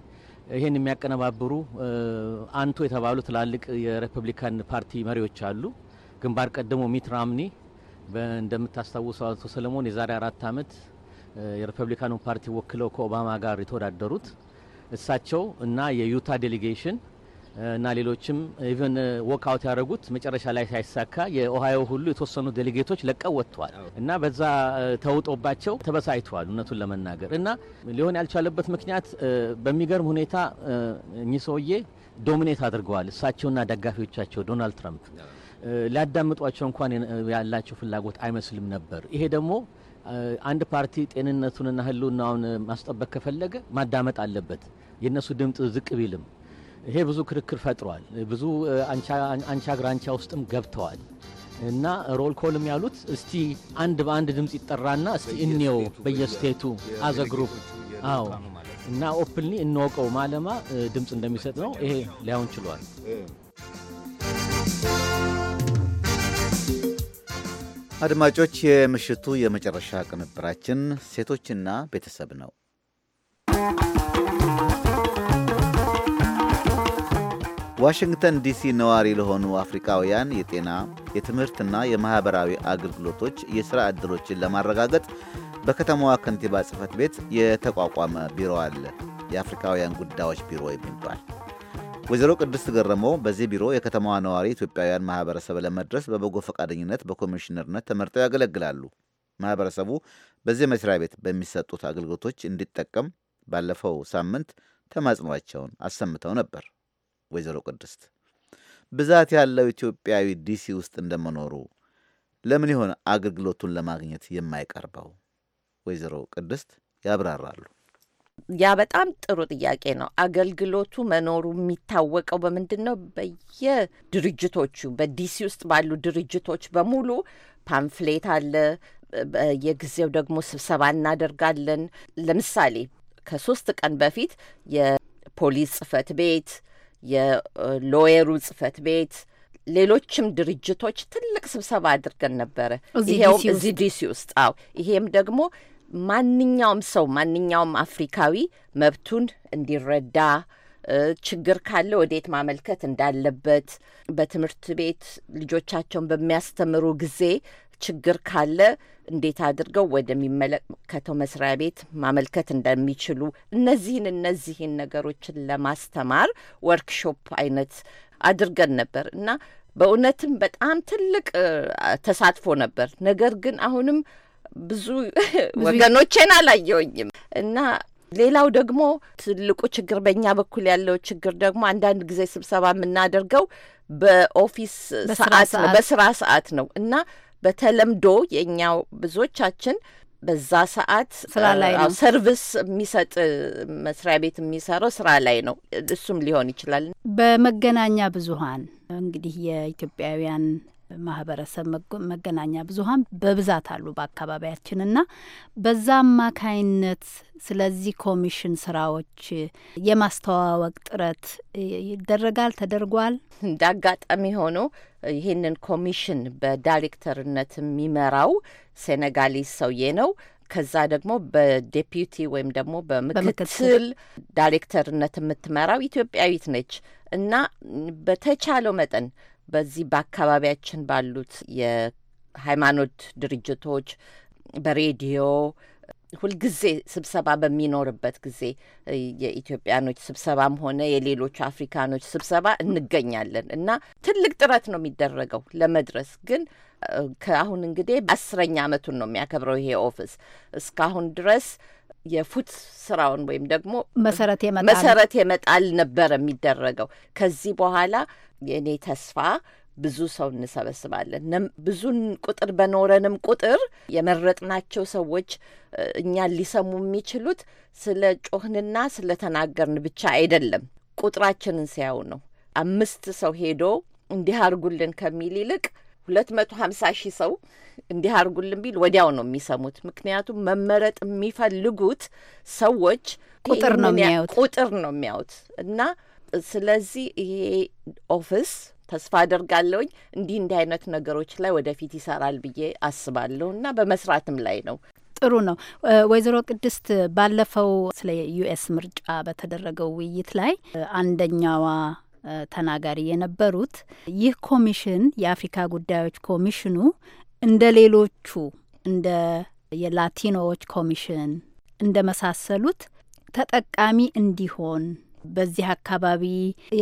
ይሄን የሚያቀነባብሩ አንቱ የተባሉ ትላልቅ የሪፐብሊካን ፓርቲ መሪዎች አሉ። ግንባር ቀድሞ ሚት ራምኒ እንደምታስታውሰው አቶ ሰለሞን የዛሬ አራት ዓመት የሪፐብሊካኑ ፓርቲ ወክለው ከኦባማ ጋር የተወዳደሩት እሳቸው እና የዩታ ዴሌጌሽን እና ሌሎችም ኢቨን ወክአውት uh, ያደረጉት መጨረሻ ላይ ሳይሳካ የኦሃዮ ሁሉ የተወሰኑ ዴሌጌቶች ለቀው ወጥተዋል እና በዛ uh, ተውጦባቸው ተበሳይተዋል እውነቱን ለመናገር እና ሊሆን ያልቻለበት ምክንያት uh, በሚገርም ሁኔታ እኚህ ሰውዬ ዶሚኔት አድርገዋል። እሳቸውና ደጋፊዎቻቸው ዶናልድ ትራምፕ ሊያዳምጧቸው እንኳን ያላቸው ፍላጎት አይመስልም ነበር። ይሄ ደግሞ አንድ ፓርቲ ጤንነቱንና ህልውናውን ማስጠበቅ ከፈለገ ማዳመጥ አለበት። የእነሱ ድምፅ ዝቅ ቢልም ይሄ ብዙ ክርክር ፈጥሯል። ብዙ አንቻ ግራንቻ ውስጥም ገብተዋል እና ሮል ኮልም ያሉት እስቲ አንድ በአንድ ድምፅ ይጠራና እስቲ እኔው በየስቴቱ አዘ ግሩፕ አዎ እና ኦፕንሊ እንወቀው ማለማ ድምፅ እንደሚሰጥ ነው። ይሄ ሊያውን ችሏል። አድማጮች፣ የምሽቱ የመጨረሻ ቅንብራችን ሴቶችና ቤተሰብ ነው። ዋሽንግተን ዲሲ ነዋሪ ለሆኑ አፍሪካውያን የጤና የትምህርትና የማኅበራዊ አገልግሎቶች የሥራ ዕድሎችን ለማረጋገጥ በከተማዋ ከንቲባ ጽሕፈት ቤት የተቋቋመ ቢሮ አለ። የአፍሪካውያን ጉዳዮች ቢሮ የሚባል ወይዘሮ ቅድስት ገረሞ በዚህ ቢሮ የከተማዋ ነዋሪ ኢትዮጵያውያን ማኅበረሰብ ለመድረስ በበጎ ፈቃደኝነት በኮሚሽነርነት ተመርጠው ያገለግላሉ። ማኅበረሰቡ በዚህ መስሪያ ቤት በሚሰጡት አገልግሎቶች እንዲጠቀም ባለፈው ሳምንት ተማጽኗቸውን አሰምተው ነበር። ወይዘሮ ቅድስት ብዛት ያለው ኢትዮጵያዊ ዲሲ ውስጥ እንደመኖሩ ለምን ይሆን አገልግሎቱን ለማግኘት የማይቀርበው? ወይዘሮ ቅድስት ያብራራሉ። ያ በጣም ጥሩ ጥያቄ ነው። አገልግሎቱ መኖሩ የሚታወቀው በምንድን ነው? በየድርጅቶቹ በዲሲ ውስጥ ባሉ ድርጅቶች በሙሉ ፓምፍሌት አለ። በየጊዜው ደግሞ ስብሰባ እናደርጋለን። ለምሳሌ ከሶስት ቀን በፊት የፖሊስ ጽፈት ቤት የሎየሩ ጽህፈት ቤት ሌሎችም ድርጅቶች ትልቅ ስብሰባ አድርገን ነበረ። ይሄውም እዚህ ዲሲ ውስጥ አው ይሄም ደግሞ ማንኛውም ሰው ማንኛውም አፍሪካዊ መብቱን እንዲረዳ ችግር ካለ ወዴት ማመልከት እንዳለበት በትምህርት ቤት ልጆቻቸውን በሚያስተምሩ ጊዜ ችግር ካለ እንዴት አድርገው ወደሚመለከተው መስሪያ ቤት ማመልከት እንደሚችሉ እነዚህን እነዚህን ነገሮችን ለማስተማር ወርክሾፕ አይነት አድርገን ነበር እና በእውነትም በጣም ትልቅ ተሳትፎ ነበር። ነገር ግን አሁንም ብዙ ወገኖቼን አላየውኝም እና ሌላው ደግሞ ትልቁ ችግር በእኛ በኩል ያለው ችግር ደግሞ አንዳንድ ጊዜ ስብሰባ የምናደርገው በኦፊስ ሰዓት ነው፣ በስራ ሰዓት ነው እና በተለምዶ የእኛው ብዙዎቻችን በዛ ሰዓት ስራ ላይ ነው። ሰርቪስ የሚሰጥ መስሪያ ቤት የሚሰራው ስራ ላይ ነው። እሱም ሊሆን ይችላል። በመገናኛ ብዙኃን እንግዲህ የኢትዮጵያውያን ማህበረሰብ መገናኛ ብዙሀን በብዛት አሉ በአካባቢያችንና በዛ አማካይነት ስለዚህ ኮሚሽን ስራዎች የማስተዋወቅ ጥረት ይደረጋል ተደርጓል። እንደ አጋጣሚ ሆኖ ይህንን ኮሚሽን በዳይሬክተርነት የሚመራው ሴኔጋሊ ሰውዬ ነው። ከዛ ደግሞ በዴፒቲ ወይም ደግሞ በምክትል ዳይሬክተርነት የምትመራው ኢትዮጵያዊት ነች እና በተቻለው መጠን በዚህ በአካባቢያችን ባሉት የሃይማኖት ድርጅቶች በሬዲዮ ሁልጊዜ ስብሰባ በሚኖርበት ጊዜ የኢትዮጵያኖች ስብሰባም ሆነ የሌሎች አፍሪካኖች ስብሰባ እንገኛለን እና ትልቅ ጥረት ነው የሚደረገው ለመድረስ ግን ከአሁን እንግዲህ አስረኛ አመቱን ነው የሚያከብረው ይሄ ኦፊስ እስካሁን ድረስ የፉት ስራውን ወይም ደግሞ መሰረት መሰረት የመጣል ነበር የሚደረገው። ከዚህ በኋላ የእኔ ተስፋ ብዙ ሰው እንሰበስባለን። ብዙን ቁጥር በኖረንም ቁጥር የመረጥናቸው ሰዎች እኛን ሊሰሙ የሚችሉት ስለ ጮህንና ስለ ተናገርን ብቻ አይደለም፣ ቁጥራችንን ሲያዩ ነው። አምስት ሰው ሄዶ እንዲህ አድርጉልን ከሚል ይልቅ ሁለት መቶ ሀምሳ ሺህ ሰው እንዲህ አርጉልን ቢል ወዲያው ነው የሚሰሙት። ምክንያቱም መመረጥ የሚፈልጉት ሰዎች ቁጥር ነው የሚያዩት ቁጥር ነው የሚያዩት እና ስለዚህ ይሄ ኦፊስ ተስፋ አደርጋለሁኝ እንዲህ እንዲህ አይነት ነገሮች ላይ ወደፊት ይሰራል ብዬ አስባለሁ እና በመስራትም ላይ ነው። ጥሩ ነው። ወይዘሮ ቅድስት ባለፈው ስለ ዩኤስ ምርጫ በተደረገው ውይይት ላይ አንደኛዋ ተናጋሪ የነበሩት ይህ ኮሚሽን የአፍሪካ ጉዳዮች ኮሚሽኑ እንደ ሌሎቹ እንደ የላቲኖዎች ኮሚሽን እንደ መሳሰሉት ተጠቃሚ እንዲሆን በዚህ አካባቢ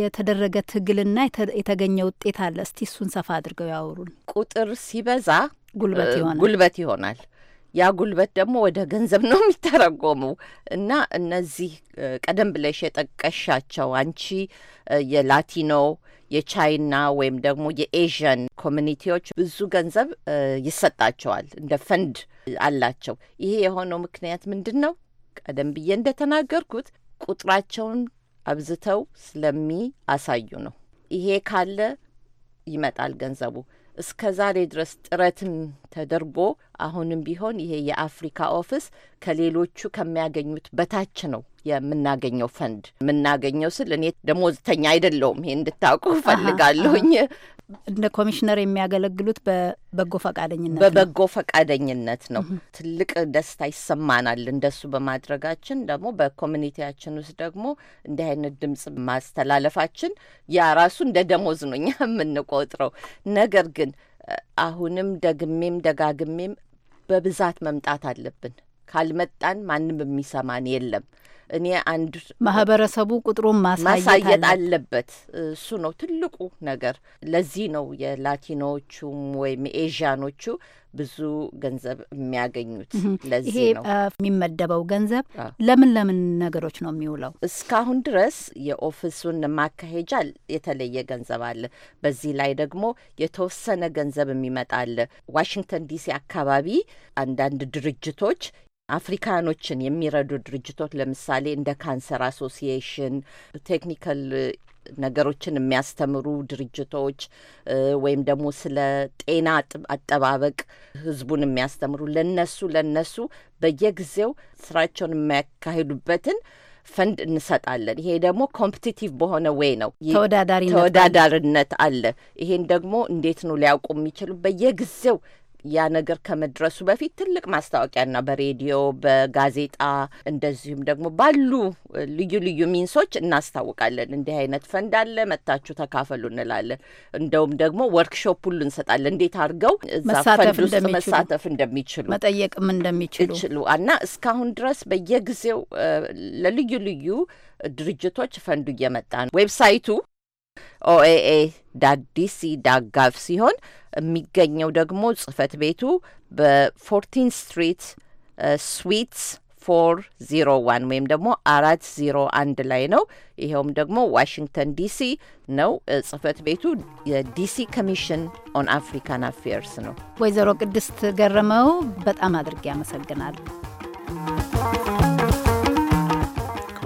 የተደረገ ትግልና የተገኘ ውጤት አለ። እስቲ እሱን ሰፋ አድርገው ያወሩን። ቁጥር ሲበዛ ጉልበት ይሆናል ጉልበት ይሆናል ያ ጉልበት ደግሞ ወደ ገንዘብ ነው የሚተረጎመው እና እነዚህ ቀደም ብለሽ የጠቀሻቸው አንቺ የላቲኖ የቻይና ወይም ደግሞ የኤዥያን ኮሚኒቲዎች ብዙ ገንዘብ ይሰጣቸዋል፣ እንደ ፈንድ አላቸው። ይሄ የሆነው ምክንያት ምንድን ነው? ቀደም ብዬ እንደተናገርኩት ቁጥራቸውን አብዝተው ስለሚ አሳዩ ነው። ይሄ ካለ ይመጣል ገንዘቡ። እስከ ዛሬ ድረስ ጥረትም ተደርጎ አሁንም ቢሆን ይሄ የአፍሪካ ኦፊስ ከሌሎቹ ከሚያገኙት በታች ነው የምናገኘው ፈንድ የምናገኘው ስል እኔ ደሞዝተኛ አይደለውም። ይሄ እንድታውቁ ፈልጋለሁኝ። እንደ ኮሚሽነር የሚያገለግሉት በበጎ ፈቃደኝነት በበጎ ፈቃደኝነት ነው። ትልቅ ደስታ ይሰማናል እንደሱ በማድረጋችን። ደግሞ በኮሚኒቲያችን ውስጥ ደግሞ እንዲህ አይነት ድምጽ ማስተላለፋችን ያ ራሱ እንደ ደሞዝ ነው እኛ የምንቆጥረው። ነገር ግን አሁንም ደግሜም ደጋግሜም በብዛት መምጣት አለብን። ካልመጣን ማንም የሚሰማን የለም። እኔ አንድ ማህበረሰቡ ቁጥሩን ማሳየት አለበት። እሱ ነው ትልቁ ነገር። ለዚህ ነው የላቲኖቹም ወይም ኤዥያኖቹ ብዙ ገንዘብ የሚያገኙት። ለዚህ ነው የሚመደበው ገንዘብ ለምን ለምን ነገሮች ነው የሚውለው? እስካሁን ድረስ የኦፊሱን ማካሄጃ የተለየ ገንዘብ አለ። በዚህ ላይ ደግሞ የተወሰነ ገንዘብ የሚመጣ አለ። ዋሽንግተን ዲሲ አካባቢ አንዳንድ ድርጅቶች አፍሪካኖችን የሚረዱ ድርጅቶች ለምሳሌ እንደ ካንሰር አሶሲዬሽን ቴክኒካል ነገሮችን የሚያስተምሩ ድርጅቶች ወይም ደግሞ ስለ ጤና አጠባበቅ ህዝቡን የሚያስተምሩ ለነሱ ለነሱ በየጊዜው ስራቸውን የሚያካሂዱበትን ፈንድ እንሰጣለን። ይሄ ደግሞ ኮምፕቲቲቭ በሆነ ወይ ነው፣ ተወዳዳሪነት አለ። ይሄን ደግሞ እንዴት ነው ሊያውቁ የሚችሉ በየጊዜው ያ ነገር ከመድረሱ በፊት ትልቅ ማስታወቂያና በሬዲዮ በጋዜጣ እንደዚሁም ደግሞ ባሉ ልዩ ልዩ ሚንሶች እናስታውቃለን። እንዲህ አይነት ፈንድ አለ፣ መታችሁ ተካፈሉ እንላለን። እንደውም ደግሞ ወርክሾፕ ሁሉ እንሰጣለን፣ እንዴት አድርገው እዛ ፈንድ ውስጥ መሳተፍ እንደሚችሉ መጠየቅም እንደሚችሉ እና እስካሁን ድረስ በየጊዜው ለልዩ ልዩ ድርጅቶች ፈንዱ እየመጣ ነው። ዌብሳይቱ ኦኤኤ ዳዲሲ ዳጋቭ ሲሆን የሚገኘው ደግሞ ጽህፈት ቤቱ በፎርቲን ስትሪት ስዊትስ ፎር ዚሮ ዋን ወይም ደግሞ አራት ዚሮ አንድ ላይ ነው። ይኸውም ደግሞ ዋሽንግተን ዲሲ ነው። ጽህፈት ቤቱ የዲሲ ኮሚሽን ኦን አፍሪካን አፌርስ ነው። ወይዘሮ ቅድስት ገረመው በጣም አድርጌ አመሰግናለሁ።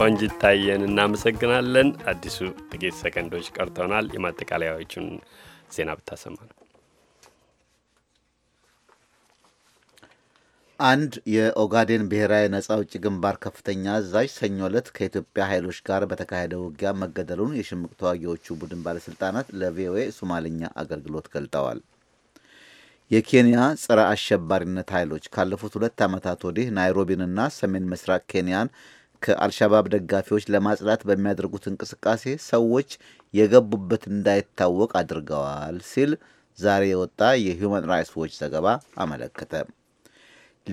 ቆንጅት ታየን እናመሰግናለን። አዲሱ ጥቂት ሰከንዶች ቀርተውናል። የማጠቃለያዎቹን ዜና ብታሰማ ነው። አንድ የኦጋዴን ብሔራዊ ነጻ አውጪ ግንባር ከፍተኛ አዛዥ ሰኞ ዕለት ከኢትዮጵያ ኃይሎች ጋር በተካሄደ ውጊያ መገደሉን የሽምቅ ተዋጊዎቹ ቡድን ባለሥልጣናት ለቪኦኤ ሶማልኛ አገልግሎት ገልጠዋል። የኬንያ ጸረ አሸባሪነት ኃይሎች ካለፉት ሁለት ዓመታት ወዲህ ናይሮቢንና ሰሜን ምስራቅ ኬንያን ከአልሻባብ ደጋፊዎች ለማጽዳት በሚያደርጉት እንቅስቃሴ ሰዎች የገቡበት እንዳይታወቅ አድርገዋል ሲል ዛሬ የወጣ የሁማን ራይትስ ዎች ዘገባ አመለከተ።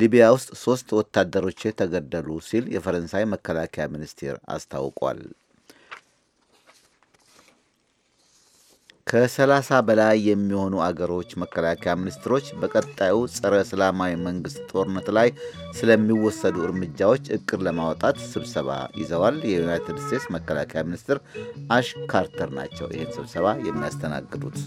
ሊቢያ ውስጥ ሶስት ወታደሮች ተገደሉ ሲል የፈረንሳይ መከላከያ ሚኒስቴር አስታውቋል። ከሰላሳ በላይ የሚሆኑ አገሮች መከላከያ ሚኒስትሮች በቀጣዩ ጸረ እስላማዊ መንግስት ጦርነት ላይ ስለሚወሰዱ እርምጃዎች እቅድ ለማውጣት ስብሰባ ይዘዋል። የዩናይትድ ስቴትስ መከላከያ ሚኒስትር አሽ ካርተር ናቸው ይህን ስብሰባ የሚያስተናግዱት።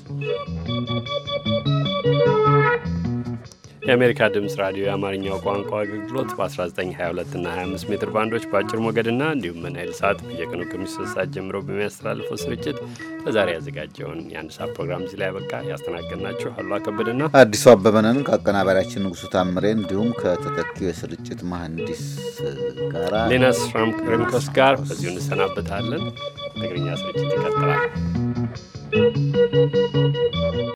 የአሜሪካ ድምፅ ራዲዮ የአማርኛው ቋንቋ አገልግሎት በ1922 እና 25 ሜትር ባንዶች በአጭር ሞገድና እንዲሁም በናይል ሰዓት በየቀኑ ከምሽቱ ሶስት ሰዓት ጀምሮ በሚያስተላልፈው ስርጭት በዛሬ ያዘጋጀውን የአንድ ሰዓት ፕሮግራም እዚህ ላይ ያበቃ። ያስተናገድናችሁ አሉ ከበደና አዲሱ አበበነን ከአቀናባሪያችን ንጉሱ ታምሬ እንዲሁም ከተተኪው የስርጭት መሐንዲስ ጋራ ሌናስ ራምክርምኮስ ጋር በዚሁ እንሰናበታለን። ትግርኛ ስርጭት ይቀጥላል። Thank you.